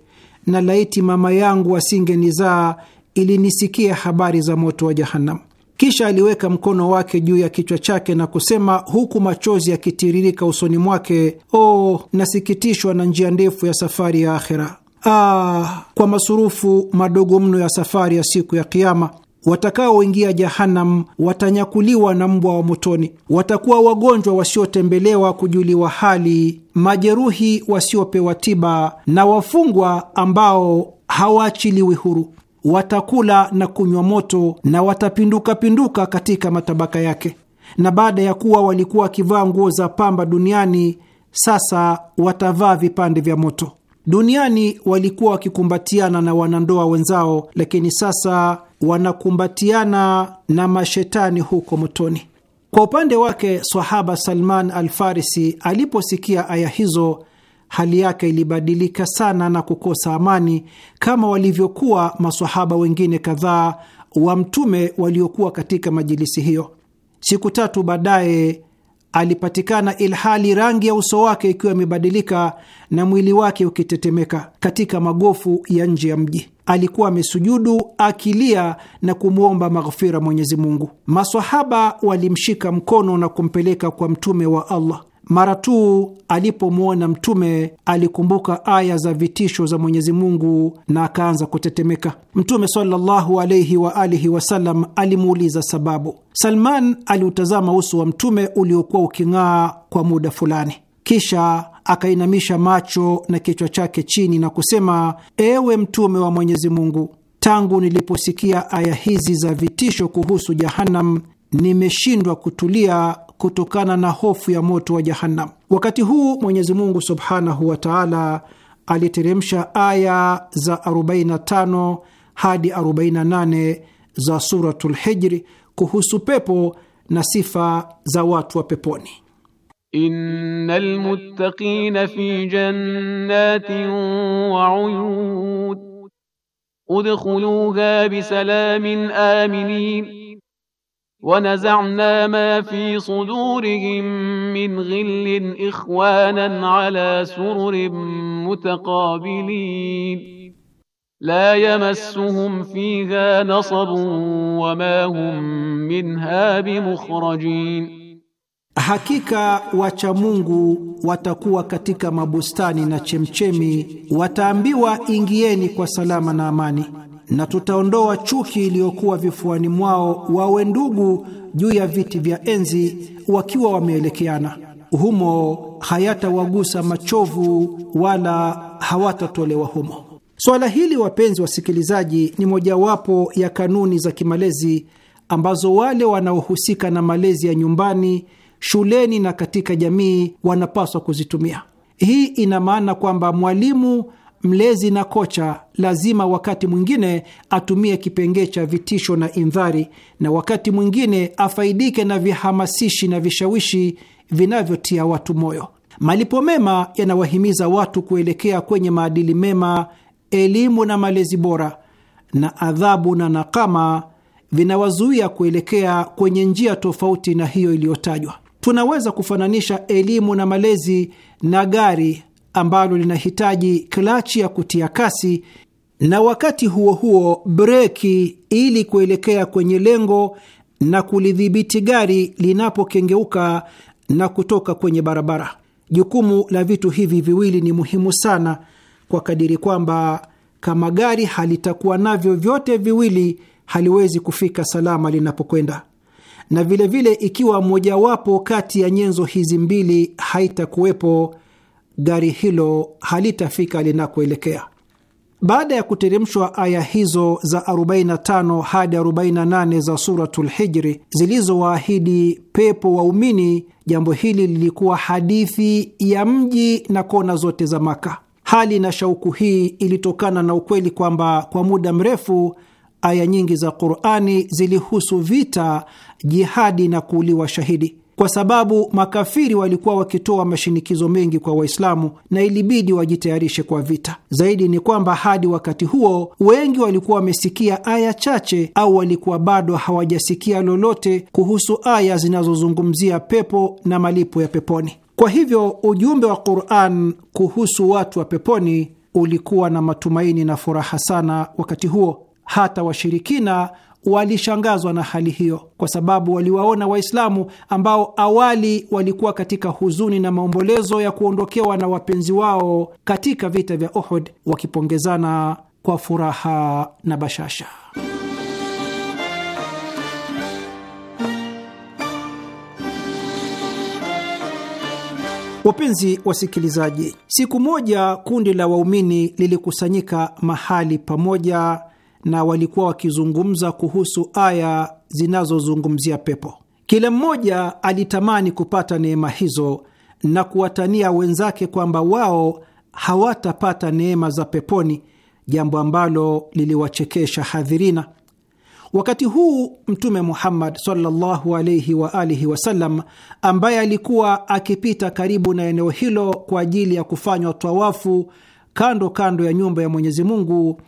na laiti mama yangu asingenizaa ili nisikie habari za moto wa Jahannam. Kisha aliweka mkono wake juu ya kichwa chake na kusema huku machozi yakitiririka usoni mwake, oh, nasikitishwa na njia ndefu ya safari ya akhera. Ah, kwa masurufu madogo mno ya safari ya siku ya Kiama. Watakaoingia Jahanam watanyakuliwa na mbwa wa motoni. Watakuwa wagonjwa wasiotembelewa kujuliwa hali, majeruhi wasiopewa tiba, na wafungwa ambao hawaachiliwi huru. Watakula na kunywa moto na watapindukapinduka katika matabaka yake, na baada ya kuwa walikuwa wakivaa nguo za pamba duniani, sasa watavaa vipande vya moto. Duniani walikuwa wakikumbatiana na wanandoa wenzao, lakini sasa wanakumbatiana na mashetani huko motoni. Kwa upande wake, swahaba Salman Alfarisi aliposikia aya hizo, hali yake ilibadilika sana na kukosa amani kama walivyokuwa maswahaba wengine kadhaa wa Mtume waliokuwa katika majilisi hiyo. Siku tatu baadaye alipatikana ilhali rangi ya uso wake ikiwa imebadilika na mwili wake ukitetemeka katika magofu ya nje ya mji. Alikuwa amesujudu akilia na kumwomba maghfira Mwenyezi Mungu. Masahaba walimshika mkono na kumpeleka kwa Mtume wa Allah. Mara tu alipomwona Mtume alikumbuka aya za vitisho za Mwenyezi Mungu na akaanza kutetemeka. Mtume sallallahu alaihi wa alihi wasallam alimuuliza sababu. Salman aliutazama uso wa Mtume uliokuwa uking'aa kwa muda fulani, kisha akainamisha macho na kichwa chake chini na kusema, ewe Mtume wa Mwenyezi Mungu, tangu niliposikia aya hizi za vitisho kuhusu Jahanam nimeshindwa kutulia kutokana na hofu ya moto wa Jahannam. Wakati huu Mwenyezi Mungu subhanahu wa taala aliteremsha aya za 45 hadi 48 za Suratul Hijri kuhusu pepo na sifa za watu wa peponi. Innal muttaqina fi jannatin wa uyun udkhuluha bisalamin aminin ونزعنا ما في صدورهم من غل إخوانا على سرر متقابلين لا يمسهم فيها نصب وما هم منها بمخرجين Hakika wacha Mungu watakuwa katika mabustani na chemchemi, wataambiwa ingieni kwa salama na amani na tutaondoa chuki iliyokuwa vifuani mwao, wawe ndugu juu ya viti vya enzi wakiwa wameelekeana. Humo hayatawagusa machovu wala hawatatolewa humo. Swala hili, wapenzi wasikilizaji, ni mojawapo ya kanuni za kimalezi ambazo wale wanaohusika na malezi ya nyumbani, shuleni na katika jamii wanapaswa kuzitumia. Hii ina maana kwamba mwalimu mlezi na kocha lazima wakati mwingine atumie kipengee cha vitisho na indhari, na wakati mwingine afaidike na vihamasishi na vishawishi vinavyotia watu moyo. Malipo mema yanawahimiza watu kuelekea kwenye maadili mema, elimu na malezi bora, na adhabu na nakama vinawazuia kuelekea kwenye njia tofauti na hiyo iliyotajwa. Tunaweza kufananisha elimu na malezi na gari ambalo linahitaji klachi ya kutia kasi na wakati huo huo breki ili kuelekea kwenye lengo na kulidhibiti gari linapokengeuka na kutoka kwenye barabara. Jukumu la vitu hivi viwili ni muhimu sana kwa kadiri kwamba kama gari halitakuwa navyo vyote viwili, haliwezi kufika salama linapokwenda, na vilevile vile, ikiwa mojawapo kati ya nyenzo hizi mbili haitakuwepo gari hilo halitafika linakoelekea. Baada ya kuteremshwa aya hizo za 45 hadi 48 za Suratul Hijri zilizowaahidi pepo waumini, jambo hili lilikuwa hadithi ya mji na kona zote za Maka. Hali na shauku hii ilitokana na ukweli kwamba kwa muda mrefu aya nyingi za Qurani zilihusu vita, jihadi na kuuliwa shahidi kwa sababu makafiri walikuwa wakitoa mashinikizo mengi kwa Waislamu na ilibidi wajitayarishe kwa vita. Zaidi ni kwamba hadi wakati huo wengi walikuwa wamesikia aya chache au walikuwa bado hawajasikia lolote kuhusu aya zinazozungumzia pepo na malipo ya peponi. Kwa hivyo ujumbe wa Quran kuhusu watu wa peponi ulikuwa na matumaini na furaha sana wakati huo. Hata washirikina walishangazwa na hali hiyo, kwa sababu waliwaona Waislamu ambao awali walikuwa katika huzuni na maombolezo ya kuondokewa na wapenzi wao katika vita vya Uhud wakipongezana kwa furaha na bashasha. Wapenzi wasikilizaji, siku moja kundi la waumini lilikusanyika mahali pamoja na walikuwa wakizungumza kuhusu aya zinazozungumzia pepo. Kila mmoja alitamani kupata neema hizo na kuwatania wenzake kwamba wao hawatapata neema za peponi, jambo ambalo liliwachekesha hadhirina. Wakati huu Mtume Muhammad sallallahu alayhi wa alihi wasallam, ambaye alikuwa akipita karibu na eneo hilo kwa ajili ya kufanywa tawafu kando kando ya nyumba ya Mwenyezi Mungu,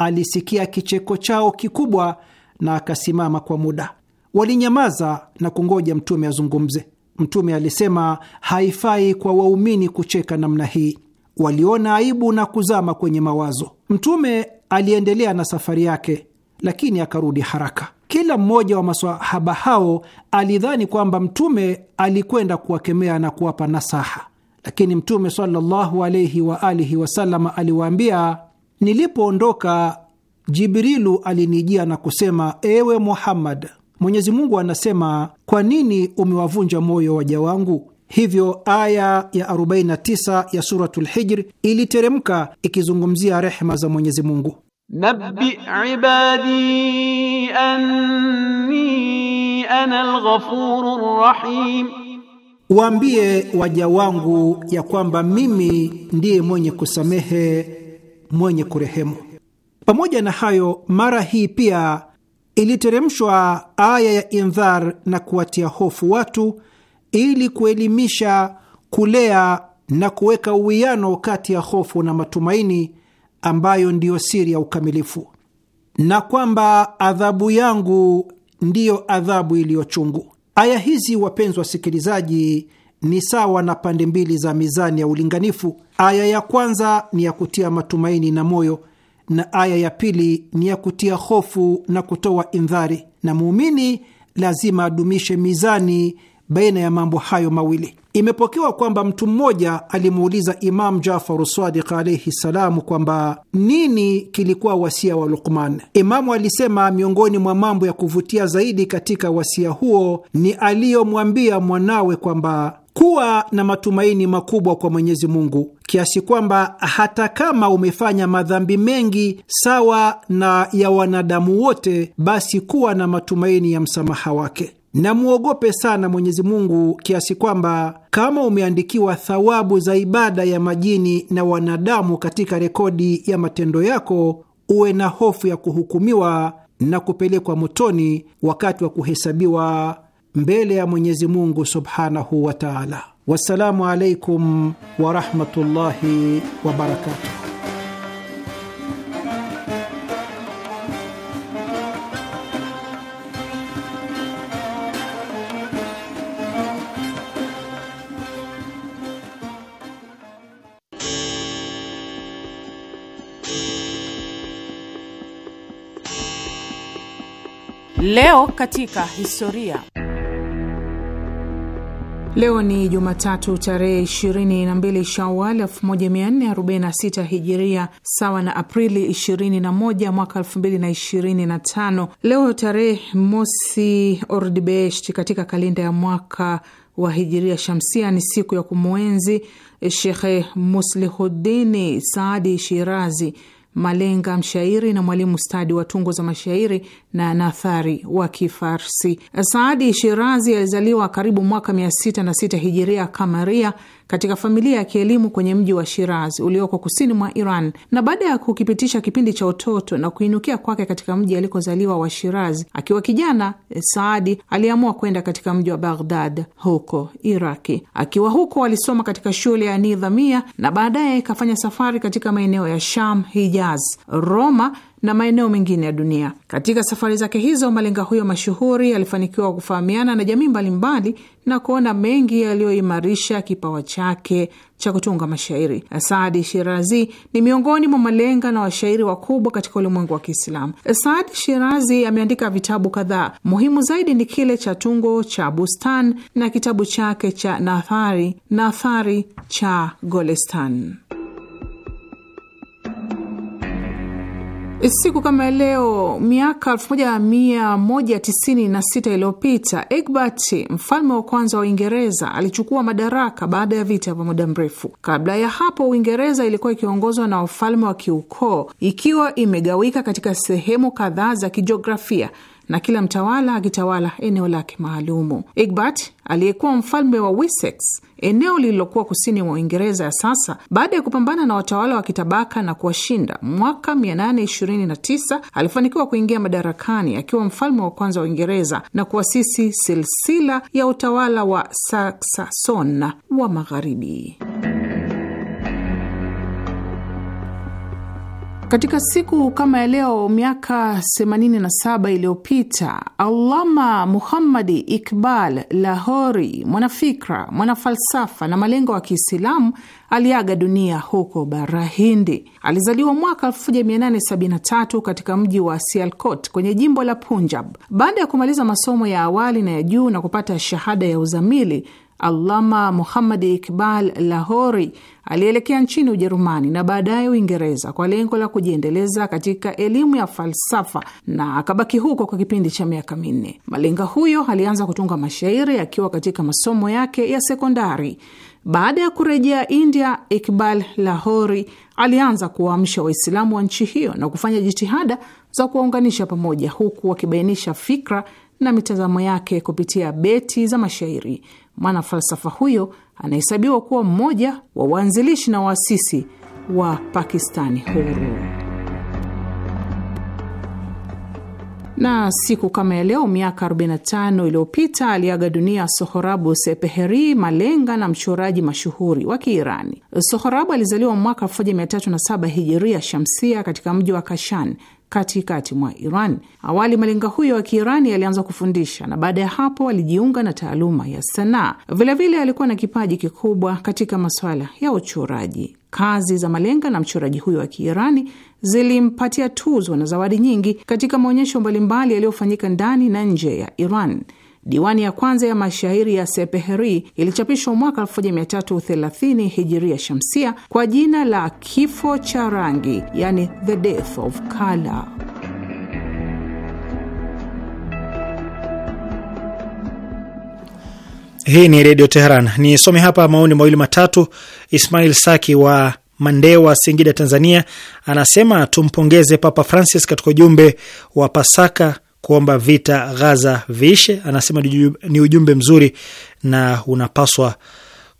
alisikia kicheko chao kikubwa na akasimama kwa muda. Walinyamaza na kungoja mtume azungumze. Mtume alisema, haifai kwa waumini kucheka namna hii. Waliona aibu na kuzama kwenye mawazo. Mtume aliendelea na safari yake, lakini akarudi haraka. Kila mmoja wa masahaba hao alidhani kwamba mtume alikwenda kuwakemea na kuwapa nasaha, lakini mtume sallallahu alaihi waalihi wasallam aliwaambia Nilipoondoka, Jibrilu alinijia na kusema, ewe Muhammad, Mwenyezi Mungu anasema, kwa nini umewavunja moyo waja wangu? Hivyo aya ya 49 ya Suratul Hijr iliteremka ikizungumzia rehma za Mwenyezi Mungu. Nabbi ibadi anni ana rahim, waambie waja wangu ya kwamba mimi ndiye mwenye kusamehe mwenye kurehemu. Pamoja na hayo, mara hii pia iliteremshwa aya ya indhar na kuwatia hofu watu ili kuelimisha, kulea na kuweka uwiano kati ya hofu na matumaini ambayo ndiyo siri ya ukamilifu, na kwamba adhabu yangu ndiyo adhabu iliyochungu. Aya hizi, wapenzi wasikilizaji, ni sawa na pande mbili za mizani ya ulinganifu Aya ya kwanza ni ya kutia matumaini na moyo, na aya ya pili ni ya kutia hofu na kutoa indhari, na muumini lazima adumishe mizani baina ya mambo hayo mawili. Imepokewa kwamba mtu mmoja alimuuliza Imam Jafaru Sadiq alaihi salamu kwamba nini kilikuwa wasia wa Lukman. Imamu alisema miongoni mwa mambo ya kuvutia zaidi katika wasia huo ni aliyomwambia mwanawe kwamba kuwa na matumaini makubwa kwa Mwenyezi Mungu kiasi kwamba hata kama umefanya madhambi mengi sawa na ya wanadamu wote, basi kuwa na matumaini ya msamaha wake Namwogope sana Mwenyezi Mungu kiasi kwamba kama umeandikiwa thawabu za ibada ya majini na wanadamu katika rekodi ya matendo yako, uwe na hofu ya kuhukumiwa na kupelekwa motoni wakati wa kuhesabiwa mbele ya Mwenyezi Mungu subhanahu wa taala. Wassalamu alaikum warahmatullahi wabarakatuh. Leo katika historia Leo ni Jumatatu tarehe 22 Shawal 1446 Hijiria, sawa na Aprili 21 mwaka 2025. Leo tarehe mosi Ordibesht katika kalenda ya mwaka wa Hijiria Shamsia ni siku ya kumwenzi Shekhe Muslihudini Saadi Shirazi Malenga, mshairi na mwalimu stadi wa tungo za mashairi na nathari wa Kifarsi. Saadi Shirazi alizaliwa karibu mwaka mia sita na sita hijiria kamaria katika familia ya kielimu kwenye mji wa Shiraz ulioko kusini mwa Iran, na baada ya kukipitisha kipindi cha utoto na kuinukia kwake katika mji alikozaliwa wa Shiraz, akiwa kijana eh, Saadi aliamua kwenda katika mji wa Baghdad huko Iraki. Akiwa huko alisoma katika shule ya Nidhamia na baadaye ikafanya safari katika maeneo ya Sham, Hijaz, Roma na maeneo mengine ya dunia. Katika safari zake hizo, malenga huyo mashuhuri alifanikiwa kufahamiana na jamii mbalimbali na kuona mengi yaliyoimarisha kipawa chake cha kutunga mashairi. Saadi Shirazi ni miongoni mwa malenga na washairi wakubwa katika ulimwengu wa Kiislamu. Saadi Shirazi ameandika vitabu kadhaa, muhimu zaidi ni kile cha tungo cha Bustan na kitabu chake cha Nathari Nathari cha Golestan. Eh, siku kama leo miaka 1196 iliyopita Egbert mfalme wa kwanza wa Uingereza alichukua madaraka baada ya vita vya muda mrefu. Kabla ya hapo, Uingereza ilikuwa ikiongozwa na ufalme wa kiukoo, ikiwa imegawika katika sehemu kadhaa za kijiografia na kila mtawala akitawala eneo lake maalumu. Egbert aliyekuwa mfalme wa Wessex, eneo lililokuwa kusini mwa Uingereza ya sasa, baada ya kupambana na watawala wa kitabaka na kuwashinda mwaka 829, alifanikiwa kuingia madarakani akiwa mfalme wa kwanza wa Uingereza na kuasisi silsila ya utawala wa Saksasona wa Magharibi. Katika siku kama ya leo miaka 87 iliyopita Allama Muhammadi Iqbal Lahori, mwanafikra, mwanafalsafa na malengo wa Kiislamu aliaga dunia huko bara Hindi. Alizaliwa mwaka 1873 katika mji wa Sialkot kwenye jimbo la Punjab. Baada ya kumaliza masomo ya awali na ya juu na kupata shahada ya uzamili Allama muhammadi Iqbal Lahori alielekea nchini Ujerumani na baadaye Uingereza kwa lengo la kujiendeleza katika elimu ya falsafa na akabaki huko kwa kipindi cha miaka minne. Malenga huyo alianza kutunga mashairi akiwa katika masomo yake ya sekondari. Baada ya kurejea India, Iqbal Lahori alianza kuwaamsha Waislamu wa nchi hiyo na kufanya jitihada za kuwaunganisha pamoja, huku wakibainisha fikra na mitazamo yake kupitia beti za mashairi. Mwanafalsafa huyo anahesabiwa kuwa mmoja wa waanzilishi na waasisi wa Pakistani huru. Na siku kama ya leo miaka 45 iliyopita aliaga dunia Sohorabu Sepeheri, malenga na mchoraji mashuhuri wa Kiirani. Sohorabu alizaliwa mwaka 1307 hijiria shamsia katika mji wa Kashan katikati mwa Iran. Awali malenga huyo wa Kiirani alianza kufundisha na baada ya hapo alijiunga na taaluma ya sanaa. Vilevile alikuwa na kipaji kikubwa katika masuala ya uchoraji. Kazi za malenga na mchoraji huyo wa Kiirani zilimpatia tuzo na zawadi nyingi katika maonyesho mbalimbali yaliyofanyika ndani na nje ya Iran. Diwani ya kwanza ya mashairi ya Sepeheri ilichapishwa mwaka 1330 hijiria shamsia kwa jina la Kifo cha Rangi, yani The Death of Color. Hii ni Redio Teheran. Nisome hapa maoni mawili matatu. Ismail Saki wa Mandewa, Singida, Tanzania, anasema tumpongeze Papa Francis katika ujumbe wa Pasaka kuomba vita Gaza viishe, anasema ni ujumbe mzuri na unapaswa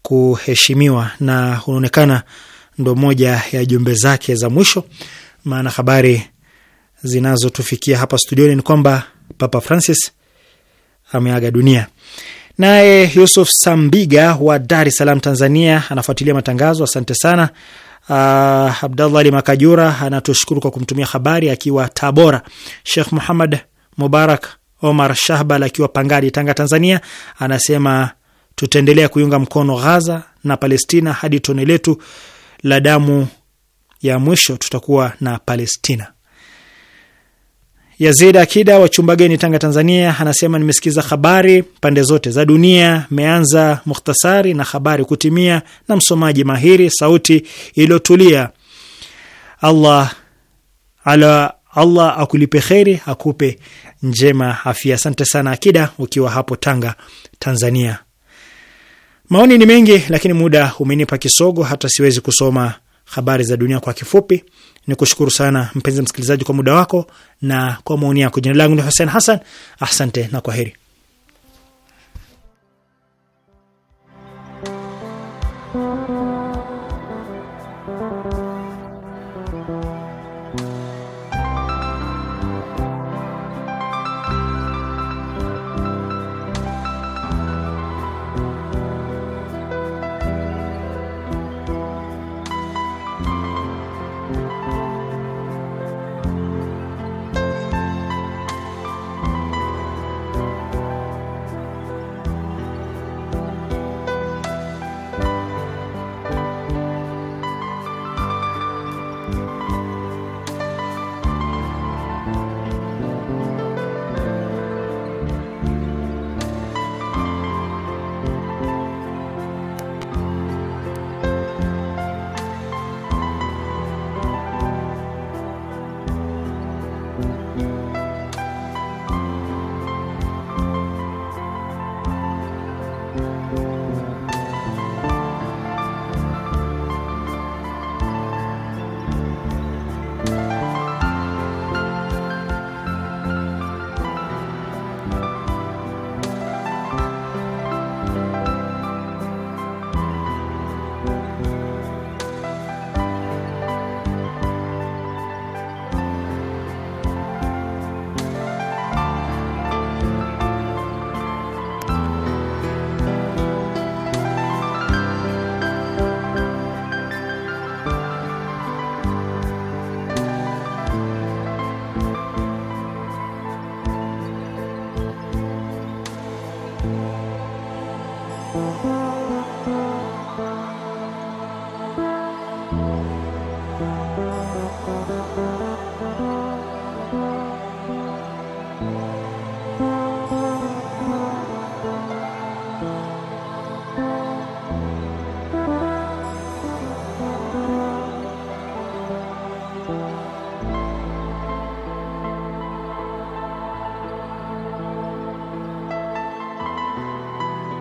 kuheshimiwa, na unaonekana ndo moja ya jumbe zake za mwisho. Maana habari zinazotufikia hapa studioni ni kwamba Papa Francis ameaga dunia. Naye Yusuf Sambiga wa Dar es Salaam, Tanzania, anafuatilia matangazo. Asante sana. Uh, Abdallah Ali Makajura anatushukuru kwa kumtumia habari akiwa Tabora. Sheikh Muhammad Mubarak Omar Shahbal akiwa Pangadi, Tanga, Tanzania, anasema tutaendelea kuiunga mkono Ghaza na Palestina hadi tone letu la damu ya mwisho, tutakuwa na Palestina. Yazid Akida wa Chumbageni, Tanga, Tanzania, anasema nimesikiza habari pande zote za dunia. Meanza mukhtasari na habari kutimia, na msomaji mahiri, sauti iliyotulia. Allah ala Allah akulipe kheri, akupe njema afya. Asante sana Akida, ukiwa hapo Tanga, Tanzania. Maoni ni mengi, lakini muda umenipa kisogo, hata siwezi kusoma habari za dunia kwa kifupi. Ni kushukuru sana mpenzi msikilizaji kwa muda wako na kwa maoni yako. Jina langu ni Hussein Hassan, asante na kwa heri.